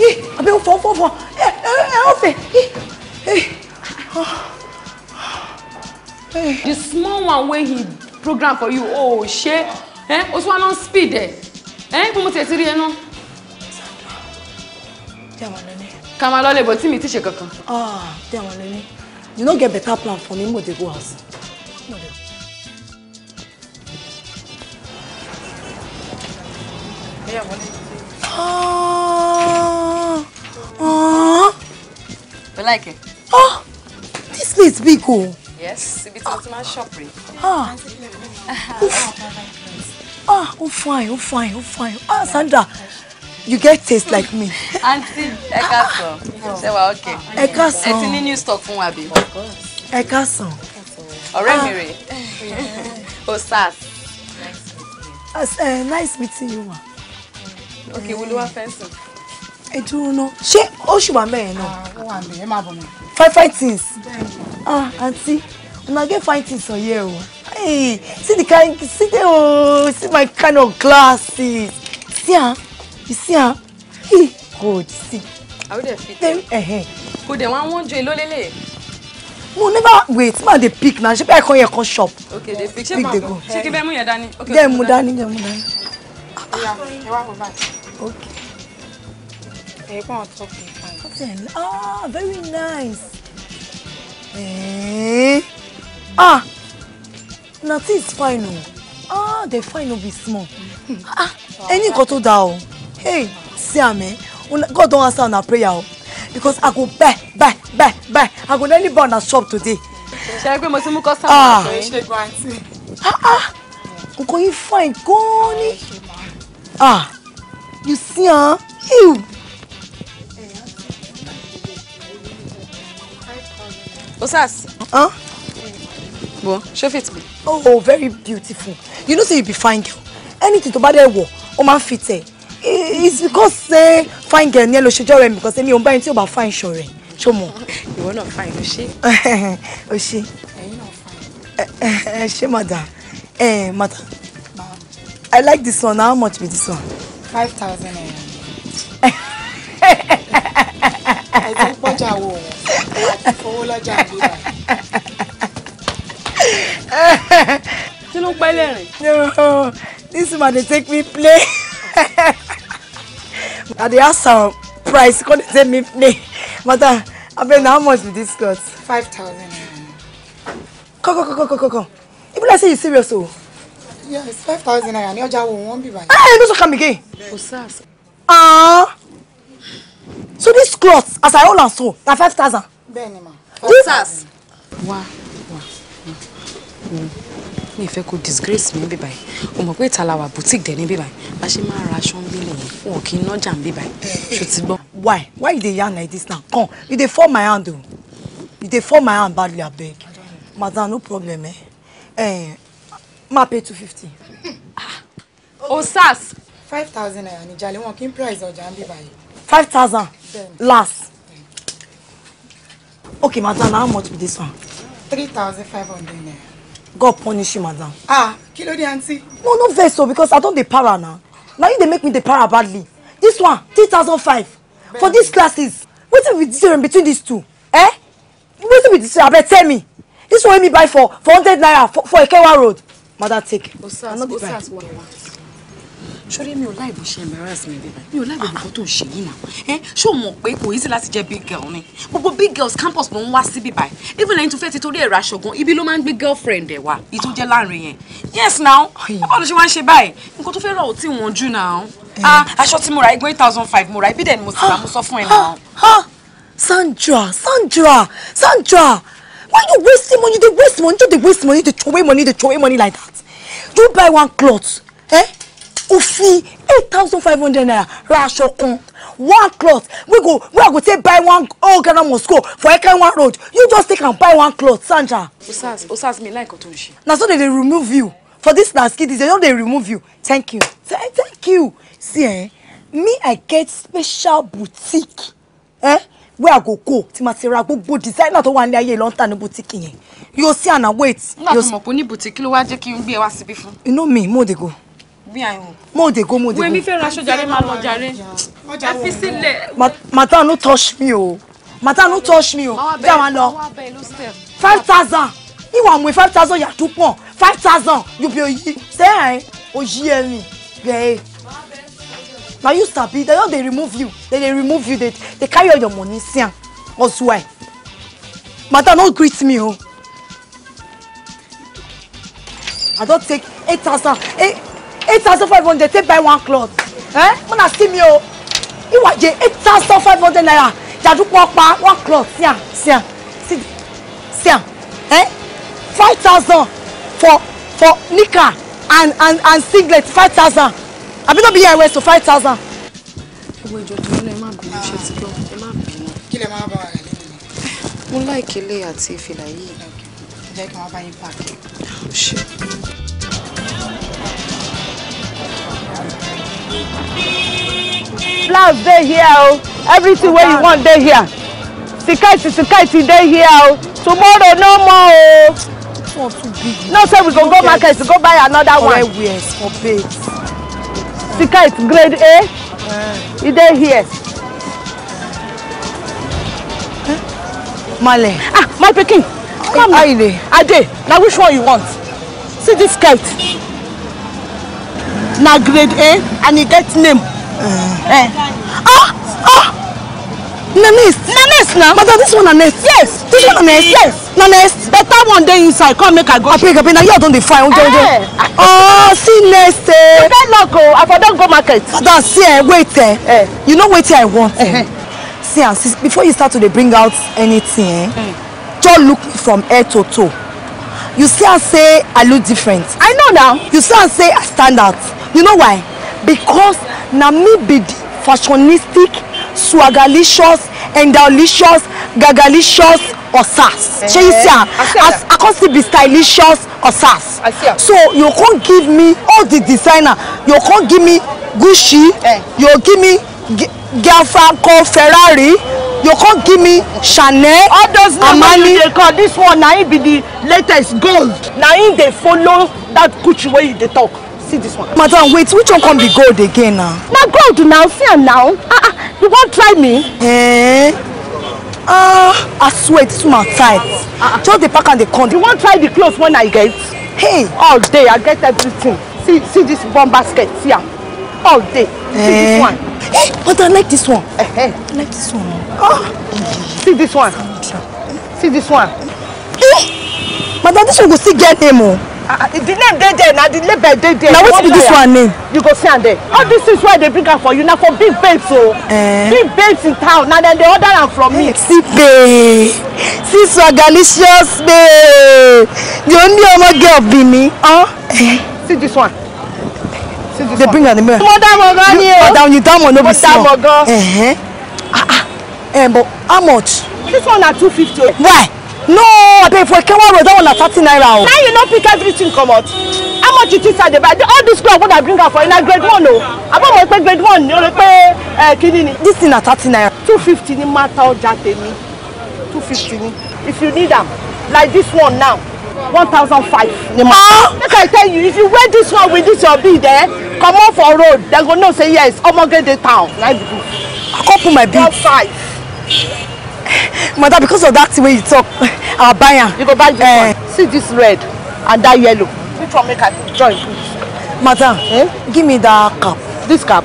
yìí àbẹ̀ ń fọ́ fọ́ ẹ ẹ ọ̀fẹ́ the small one wey he program for you o oh, ṣe ẹ o tún wá náà speed ẹ ẹ bí mo tẹ̀ rí ẹ náà. ká máa lọ lè tí mi ti ṣe kankan. Ah, you no get better plan for me mo dey go house. You ah. ah. like it? Oh, this place big o. Oh. Yes, ibi tí mo ti máa ń shop rè. Ah, oh fine, oh fine, oh fine. Ah, Sandra, you get taste like me. Auntie, ẹ káàsán. Ṣé wà okay? Ẹ káàsán. Ẹ ti new stock fún wa bí? Ẹ káàsán. Ọ̀rẹ́ mi (laughs) sars. Eh, nice meeting you. Nice meeting you òkè wo ló wá fẹ́ sùn. ẹ dúró ná ṣé ó ṣì wà mẹ́rin náà. Ah, ó wà mẹ́rin ẹ máa bọ̀ mọ́. five five things. ah aunty una get five things on here o. Hey, see the kind, see the oh, see my kind of glasses. See ah, you see ah, he good. see. I would have fit? Them, eh, eh. Good, they want one joy, lolele. mo never wait ma dey pick na shebi i come here come shop okay dey pick, pick dey go ṣé kí bẹ́ẹ̀ mú yẹn dání. okay dem Yeah, you want to buy. Okay. Hey, go on top me. Cotton. Ah, very nice. Eh. Ah. Na is fine o. Ah, the fine no be small. Ah, any nǹkan down? Hey, see me. Eh? God don't answer our prayer o. Because I go buy, buy, buy, buy. I go nearly buy una shop today. Ṣé ẹ gbé mo ti Ah. kọ́sítọ́mù ọ̀sẹ̀ yìí Ah ah. àǹtí? Nǹkan yìí fine gan-an ni. Ah. You see, huh? You. Osas. Huh? Bon, show fit me. Oh, very beautiful. You know say you be fine girl. Anything tó bá dé wọ̀, ó máa fit ẹ. E. It's because say eh, fine girl ni ẹ e ló ṣe because èmi ò ń bá ẹni tí fine ṣọ rẹ. Ṣó You Ìwọ náà fine o ṣe. (laughs) O ṣe. Ẹ̀yin náà fine. (laughs) Ṣé madam? Eh, madam. I like this one. How much be this one? five thousand naira. (laughs) ẹ̀sìn pọ́jà wo òun àti fowó lọ́jà àdúrà. kí ló ń pẹ́ lẹ́rìn. no this man dey take me play. i dey ask am price come dey take me play Mother, uh, abeg na how much be this cut. five thousand come come come come come come e be like say you serious o. Oh yes five thousand naira ní ọjà wo wọ́n bì báyìí. ẹ ẹ ló sọ kàmí so this cloth as i hold am so na five thousand. bẹ́ẹ̀ni ma. kò sars. wá wá mi ìfẹ́ kò disgrace mi bí báyìí o mọ̀ pé ìtàláwà boutique dẹ̀ ní bí báyìí bá ṣe máa ra aṣọ ń bí nìyẹn wọn kì í nájà ń bí báyìí ṣó ti gbọ́. why why you dey yarn like this now come you dey fall my hand o you dey fall my hand badly abeg madam no problem eh. Eh, Ma pay two fifty. Ah. o oh, sars. five thousand naira Ni jalè wọn kí price ọjà ń bí báyìí. five thousand last. okay madam how much be this one. three thousand five hundred naira. god punish you madam. ah kilo ló dé no no vessel because i don't the para now Now you they make me the para badly this one three thousand five for these classes wetin be the difference between these two eh wetin be the difference abeg tell me this one me buy for for hundred naira for for Ikewa road mother take i no be bad sori mi ò láì bó ṣe embarrass mi bíbá mi ò láì bó nǹkan tó ń ṣe yìí náà ẹ eh? ṣé o mọ̀ pé kò easy láti jẹ́ big girl ni gbogbo big girls campus ló ń wá sí bíbá even ẹni tó fẹ́ ti torí ẹ̀rọ aṣọ gan ibi ló máa ń gbé girlfriend ẹ̀ wá èyí tó jẹ́ láàrin yẹn yes now báwo ló ṣe wá ń ṣe báyìí nǹkan tó fẹ́ rà ò tí wọ́n jù náà eh. ah aṣọ tí mo rà igun eight thousand five mo rà ibi dẹ̀ ni mo sì rà mo sọ fún ẹ náà. (gasps) Sandra Sandra Sandra Why you wasting money? They waste money, they waste money, they throw away money, they throw away money like that. You buy one cloth, eh? Ufi fi eight thousand five hundred naira ra aṣọ one cloth we go we go take buy one whole Ghana must go for one road you just take and buy one cloth sanja. Usas, usas me like ọtọ nṣe. na so they dey remove you for this na skidis they know they remove you thank you thank you see eh me i get special boutique eh where i go go tí ma ti ra gbogbo designer tó wà ní ayé lọ́ńtà ní boutique yẹn you see and wait. nígbà tó mọ̀ pé ní boutique ló wá jẹ́ kí n gbé e wá síbí fún. inú mi mo de go. bí i mo de go mo de go. wẹ́mi fẹ́ ra aṣọ jàre máa lọ jàre ẹ fi sílẹ̀. mata no touch me o mata no touch me o oh. jẹ́ àwọn lọ five thousand ìwà àwọn five thousand yàtúpọ̀ five thousand yóò bí oyi sẹ́yìn oyi ẹni bẹ́ẹ̀ na you sabi dem don dey remove you dem dey remove you dey dey carry all your money see am that's why madam no greet me o oh. i don take eight thousand eight eight thousand five hundred take buy one cloth eh una see me o oh. iwaje eight thousand five hundred naira jadupo pa one cloth see am see am see see am eh five thousand for for nika and and and singlet five thousand àbí tó bí yẹ ìwé so five thousand. owó ìjọ tó nílẹ̀ má bínú ṣe ti gbọ́ ẹ má bínú. kí lè máa bá wa rẹ̀ nínú. mo láìkí ilé àti ìfìlà yìí jẹ́ kí wọ́n bá yín pààkì. ṣe. flowers dey here o oh. everything wey you want dey here sikaiti sikaiti dey here o oh. tomorrow no more o. Oh. no say we go go market go buy another one. ọ̀rẹ́ wíẹ̀ for babes. Sika is grade A. You dey here. Male. Ah, my pikin. Come here. Aile. Ade, now which one you want? See this kite. Na grade A and e get name. Uh. Eh. Ah! Ah! na next na next na but this one na next yes this one na next yes na next better one dey inside come make i go abeg abeg na here i don dey find ounjẹ ounjẹ ah. oh see next eh you get luck o i for don go market father see eh wait eh, eh. you know wetin i want eh. see am ah, see before you start to dey bring out anything eh mm. just look from head to toe you see am say i look different i know now you see am say i stand out you know why because na me be the fashionistic swagalicious endalicious gagalicious osas chase eh, as i con still be stylicious osas so you con give me all oh, the designer you con give me gucci eh. you give me gianfranco ferrari you con give me chanel all those names you dey call this one na im be the latest gold na im dey follow that gucci wey you dey talk see this one. Madam, wait, which one can be gold again now? Now gold now, see her now. Ah, ah, you won't try me. Eh? Ah, uh, I swear it's too much tight. Uh, Just the pack and the con. You won't try the clothes when I get? Hey. All day, I get everything. See, see this one basket, see her. All day. Eh. See this eh? one. Hey, but I like this one. Eh, eh. I like this one. Oh. See this one. See this one. Hey. Madam, this one go still get him. Oh the name they there now. the label they there Now wetin be this one name you go see and there all this is why they bring am for you now for big babes o eh. big babes in town Now then dey order am from me. sipe si swagalicious babe the only other girl be me. Huh? Eh? see this one see this they one. bring am the mirror. mo dá mọ̀ gan ni you down one no be small. mo eh, eh. Ah ah. Eh, but how much. this one at two fifty. why no abeg for ekewa road that one na thirty naira now you no pick everything comot how much you think i dey buy all this cloth wey i bring am for you na grade one no. o want mo pay grade one you le pay kini ni. this thing na thirty naira. two fifty ni mata ọjà tèmi two ni if you need them, like this one now 1005 thousand five ah! i tell you if you wear this one with this you'll be there. Eh, come comot for road dem go know say yes omoge dey town na be good. i come put my bead. one Mother, because of that way you talk, buy buyer. You go buy this uh, one. See this red and that yellow. Which one make I join? Madam, eh? give me that cap. This cap?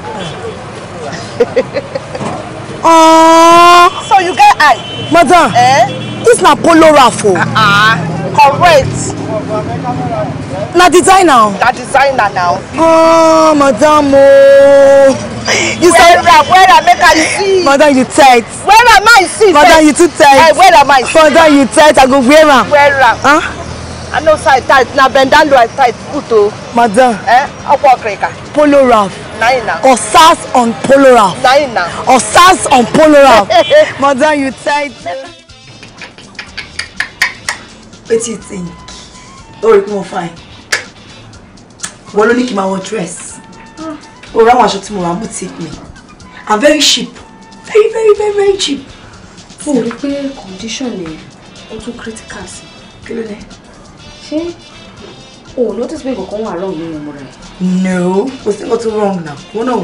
Uh, (laughs) so you get eye? Mother, eh? this na polo raffle. Uh-uh correct. Na designer. Na designer now. Ah, oh, madam. You said where, where am I see? Madam, you tight. Where am I see? Madam, you too tight. Hey, where am I see? Madam, you tight. I go wear am. Wear am. Huh? I know side tight. Na bend down I tight. Puto. Oh. Madam. Eh? Upper cracker. Polo Ralph. Naina. Osas on Polo Ralph. Naina. Osas on Polo Ralph. (laughs) Madam, you tight what do you think Oh, it's more fine wọ́n ló ní kí n dress Oh, ah. rá àwọn aṣọ tí mo rà boutique i'm very cheap very very very very cheap. mo rí pé condition ni auto tún critical sí. kí ló dé. notice me go wà wrong nínú ọmọ rẹ. no kò sí nǹkan wrong now. wọn náà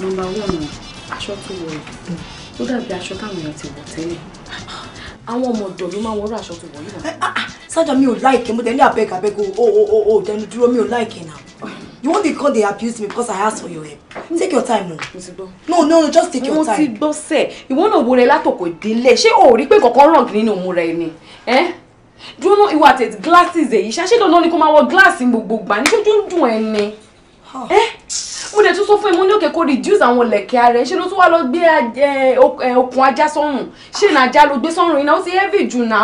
number one aṣọ tó wọ ló mm. dàbí aṣọ táwọn èèyàn ti wọ tẹ́lẹ̀ àwọn ọmọ ọ̀dọ́ ló máa ń wọrọ aṣọ tó wọ yìí náà. Ah, ah, sájà mi ò láìkẹ́ mo tẹ̀ ní abeg abeg o o o o dẹnu dúró mi ò láìkẹ́ náà you wan dey come dey abuse me because i ask for your help take your time o no no no just take your time. mo ti gbọ́ sẹ́ ìwọ náà wo rẹ látòkò ìdílé ṣé o rí pé kọ̀ọ̀kan wrong nínú òun rẹ ni dúró ìwà àti glasses èyí ṣáṣẹ́ dandan ni kó máa wọ gíláàsì gbogbo gbà ní ṣojú ń dùn ẹ ni. Eh, mo dẹ̀ tún sọ fún ẹ mo ní òkè kó reduce àwọn lẹ̀kẹ́ ara ẹ ṣé ló tún wá lọ gbé eh, eh, okùn ajá sọ́rùn ṣé ìnà ajá ló gbé sọ́rùn iná ó ti heavy jù náà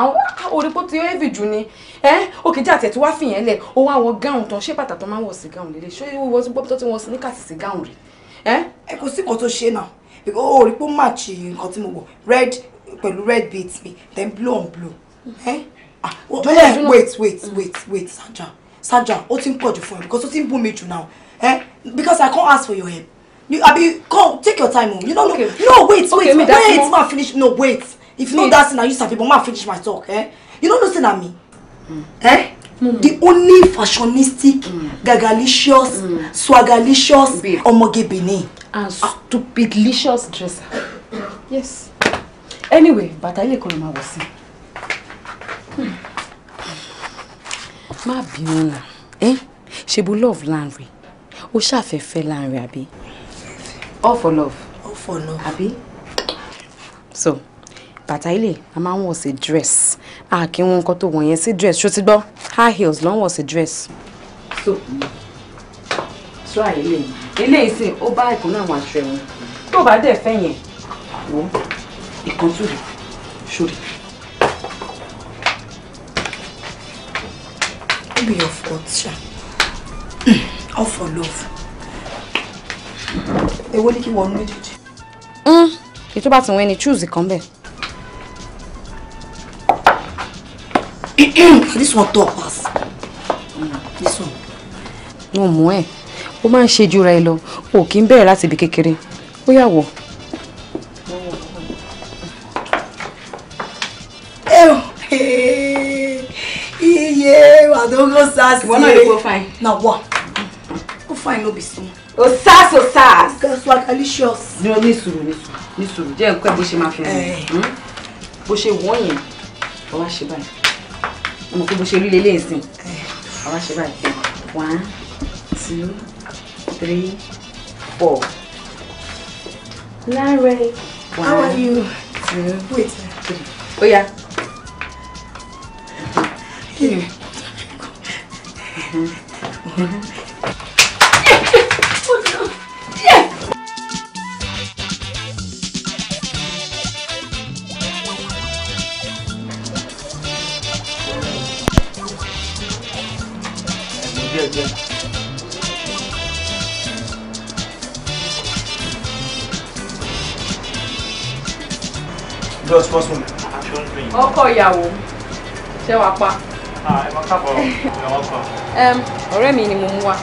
orí pé ó ti heavy jù ni òkè jẹ́ àtẹ̀tí wá fìyẹn lẹ̀ ó wá wọ gáùn tán ṣé bàtà tó máa ń wọ̀ sí gáùn lélẹ̀ ṣé wọ́n ti gbọ́ tó ti wọ́n sí ní kàtì sí gáùn rẹ̀. ẹ kò sí nǹkan tó ṣe náà ó rí pé match nǹkan tí mo wọ̀ red pẹ̀lú red beads mi then blue on blue. Ah, oh, wait wait wait wait Saja Saja ó ti ń pọ̀ jù fún ẹ because ó ti ń bú mi jù náà Eh? Because I can't ask for your help. You, I mean, come, take your time. Oh. You don't okay. know. No, wait, okay, wait, wait. Wait, ma finish. No, wait. If you know that's now, you start people, ma finish my talk. Eh? You don't listen at me. Mm. Eh? Mm. The only fashionistic, mm. gagalicious, mm. swagalicious, omoge bini, And ah. stupidlicious dresser. yes. Anyway, but I like ló máa wọ̀ sí. Má hmm. bínú náà. Eh? Ṣe bo love Landry ó ṣàfẹ́fẹ́ láàrin àbí. all for love. all for love. àbí. so bàtà ilé a máa ń wọ̀ sí dress a kì í wọn nǹkan tó wọ̀ yẹn sí dress ṣó ti gbọ́ high heels ló ń wọ̀ sí dress. so so àyè lè eléyìí sì ó bá ìkùn náà wọn aṣọ ẹ̀wọ̀n tó bá dẹ̀ fẹ́ yẹn wọ́n ìkan tó rí sórí. ó bí ọ̀fọ̀ ọ̀tí all for love. èwo ni kí wọ́n méjèèjì. èyí hmm, tó bá ti wọ́n ẹni choose kan bẹ́ẹ̀. (clears throat) this one talk pass. Hmm, this one. mo mú ẹ o máa ń ṣe jura ẹ Oh. o kì í bẹ̀rẹ̀ láti Oh. kékeré ó Oh. wọ̀. (laughs) iye wà tó ń kó sars. ìwọ náà yóò kó fáin. náà wà ó fine no be small. o sars o sars. gas wa delicious. ní o ní sùúrù ní sùúrù ní sùúrù jẹ́ nǹkan bó ṣe máa fi hàn eh. hmm? bó ṣe wọ́n yẹn wọ́n wá ṣe báyìí ọmọ kó bó ṣe rí lélẹ́yìn sí eh. wọ́n wá ṣe báyìí one two three four. Larry. One, How are you? Wait. Three. Oh yeah. Here. just cause me. ọkọ ìyàwó ṣé wàá pa. Ah, (laughs) ọ̀rẹ́ mi ni mo mú wa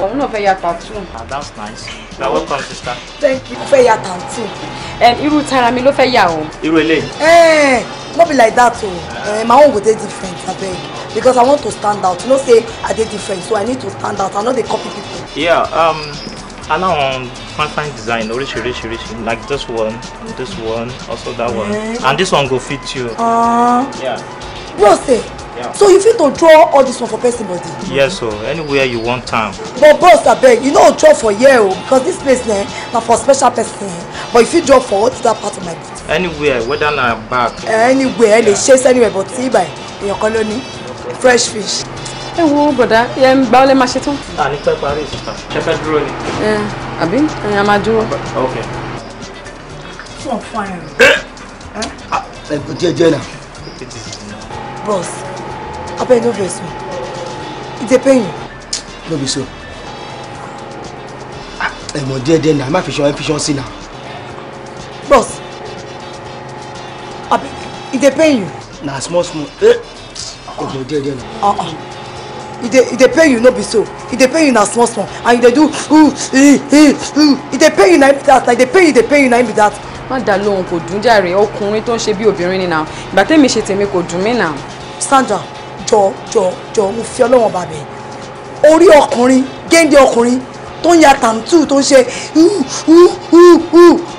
òun náà fẹ́ ya tattoo. ah that's nice you are welcome sister. thank you fẹ́ ya tattoo. irú tara mi ló fẹ́ yà o. irú eléyìí. Eh, no be like that o eh, my own go dey different abeg because i want to stand out you know say i dey different so i need to stand out i no dey copy people. yeah um, I know. Um, fine fine design oríṣiríṣi oríṣi like this one this one also that one and this one go fit you. Uh, yeah. bro say yeah. so you fit to draw all this one for person body. yes o so anywhere you want am. but bros abeg you know, draw for here o oh, because this place ne eh, na for special person eh. but if you draw for what that part of my body. anywhere whether na back. Eh, anywhere yeah. le chase anywhere but see by èèyàn kan ló ní fresh fish. ẹ wo bọ̀dá ẹ ń gbà ọ́ lẹ́ máa ṣe tán. a ah, ní pẹ́ parí ìsìta àbí ẹ̀yin a Okay. So fine. Eh? ara rẹ̀. ẹ̀gbọ́n díẹ̀ díẹ̀ náà. boss abeg no vex me e dey pain you. no be so ah, ẹ̀gbọ́n díẹ̀ díẹ̀ náà má fi ṣan fi ṣan sí náà. boss abeg e dey pain you. na small small ẹ̀gbọ́n díẹ̀ Ah ah e dey pain you no be so e dey pain you na small small and you dey do ooh ee eh, eh, ooh e dey pain you na be that na e dey pain you dey pain you na be that. má dà lóhun kò dùn jàre ọkùnrin tó ń ṣe bí obìnrin ni náà ìgbà tẹ́mi ṣe tèmi kò dùn mí náà. Sandra jọ jọ jọ mo fi ọlọ́wọ́n bàbẹ̀ orí ọkùnrin géńdé ọkùnrin tó ń ya tàǹtù tó ń ṣe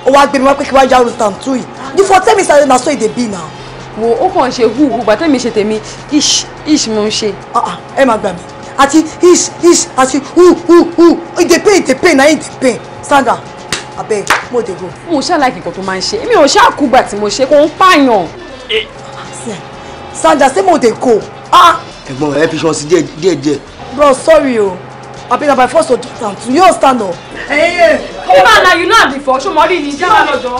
ó wá gbé mi wá pé kí wá yá orí tàǹtù yìí you for tell me say na so e dey be now wo ó kàn ṣe hùhù bàtẹ́ mi ṣe tèmi ish ish mo ń ṣe. Ah, ah, ẹ máa gbà mí àti ish ish àti hu hu hu ìdè pain ìdè pain na ìdè pain stand up abeg mo dey go. mo ṣàlàyé nǹkan tó máa ń ṣe èmi ò ṣàkúgbà tí mo ṣe kó ń pààyàn. Eh. sanda ṣé mo dey go. Ah. ẹ̀gbọ́n ẹ fi ṣọ́ọ̀ṣì díẹ̀ díẹ̀. bro sorry o abi na by force to do am to you stand up. ẹyẹ kọ́ máa na you know am before ṣùgbọ́n rí ni jẹ́ wà lọ́jọ́.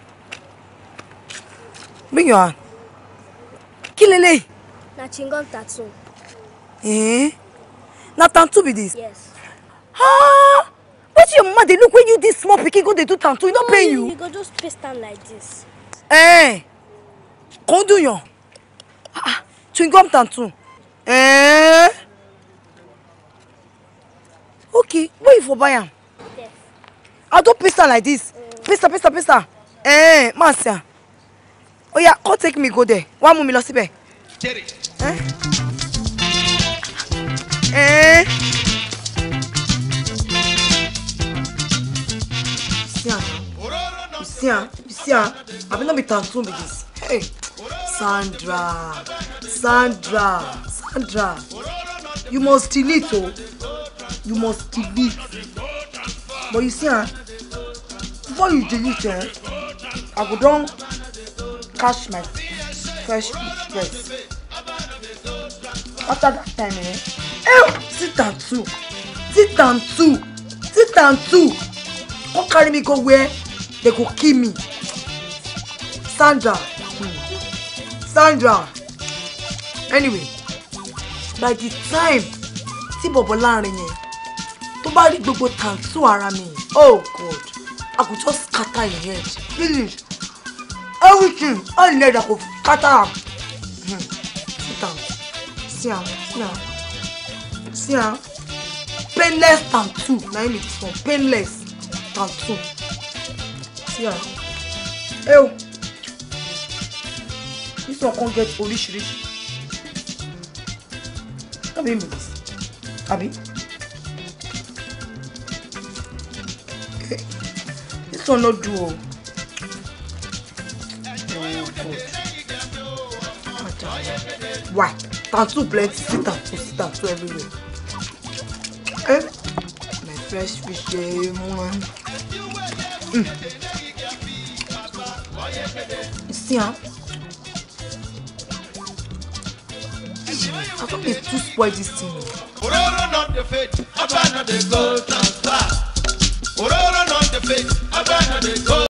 Bring your hand. Kill leléyìí? Na chewing-gum tattoo. Eh? Na tattoo be this? Yes. Ah! But your mama dey look when you this small picking. go they do tattoo, e no pay you? You go just paste am like this. Eh! Kàn do yàn. Ah, ah! Chewing-gum tattoo. Eh! Okay, where you for buy am? Yes. I don paste like this. Mm. Paste am, Eh, ma Oh yeah, go take me go there wá mú mi lọ síbẹ̀. jerry. Eh? Eh? see am you see am you see am abi no be tantum be this hey sandra sandra sandra you must delete oh, you must delete but you see am ah, before you delete eh i go don catch my fresh express. after that time eh ew sit down too sit down too sit down too come carry me go where they go kill me Sandra Sandra anyway by the time tí bọ̀bọ̀ láàrin yẹn tó bá rí gbogbo tàǹtù ara mi oh god i go just scatter your head really everything all leather go scatter am Sit down. see am see am see am painless tattoo na im it for painless tattoo see am ew this one come get oríṣiríṣi no be me this abi eh, this one no do o. Oh. God. Madam, why? Tattoo plenty, see tattoo, see tattoo everywhere. Eh? My first fish, eh, man. Mm. You see, huh? Ah? I don't get too spoil this thing. Eh. Ororo not the faith, Abba not the gold transfer. Ororo not the faith, Abba not the gold.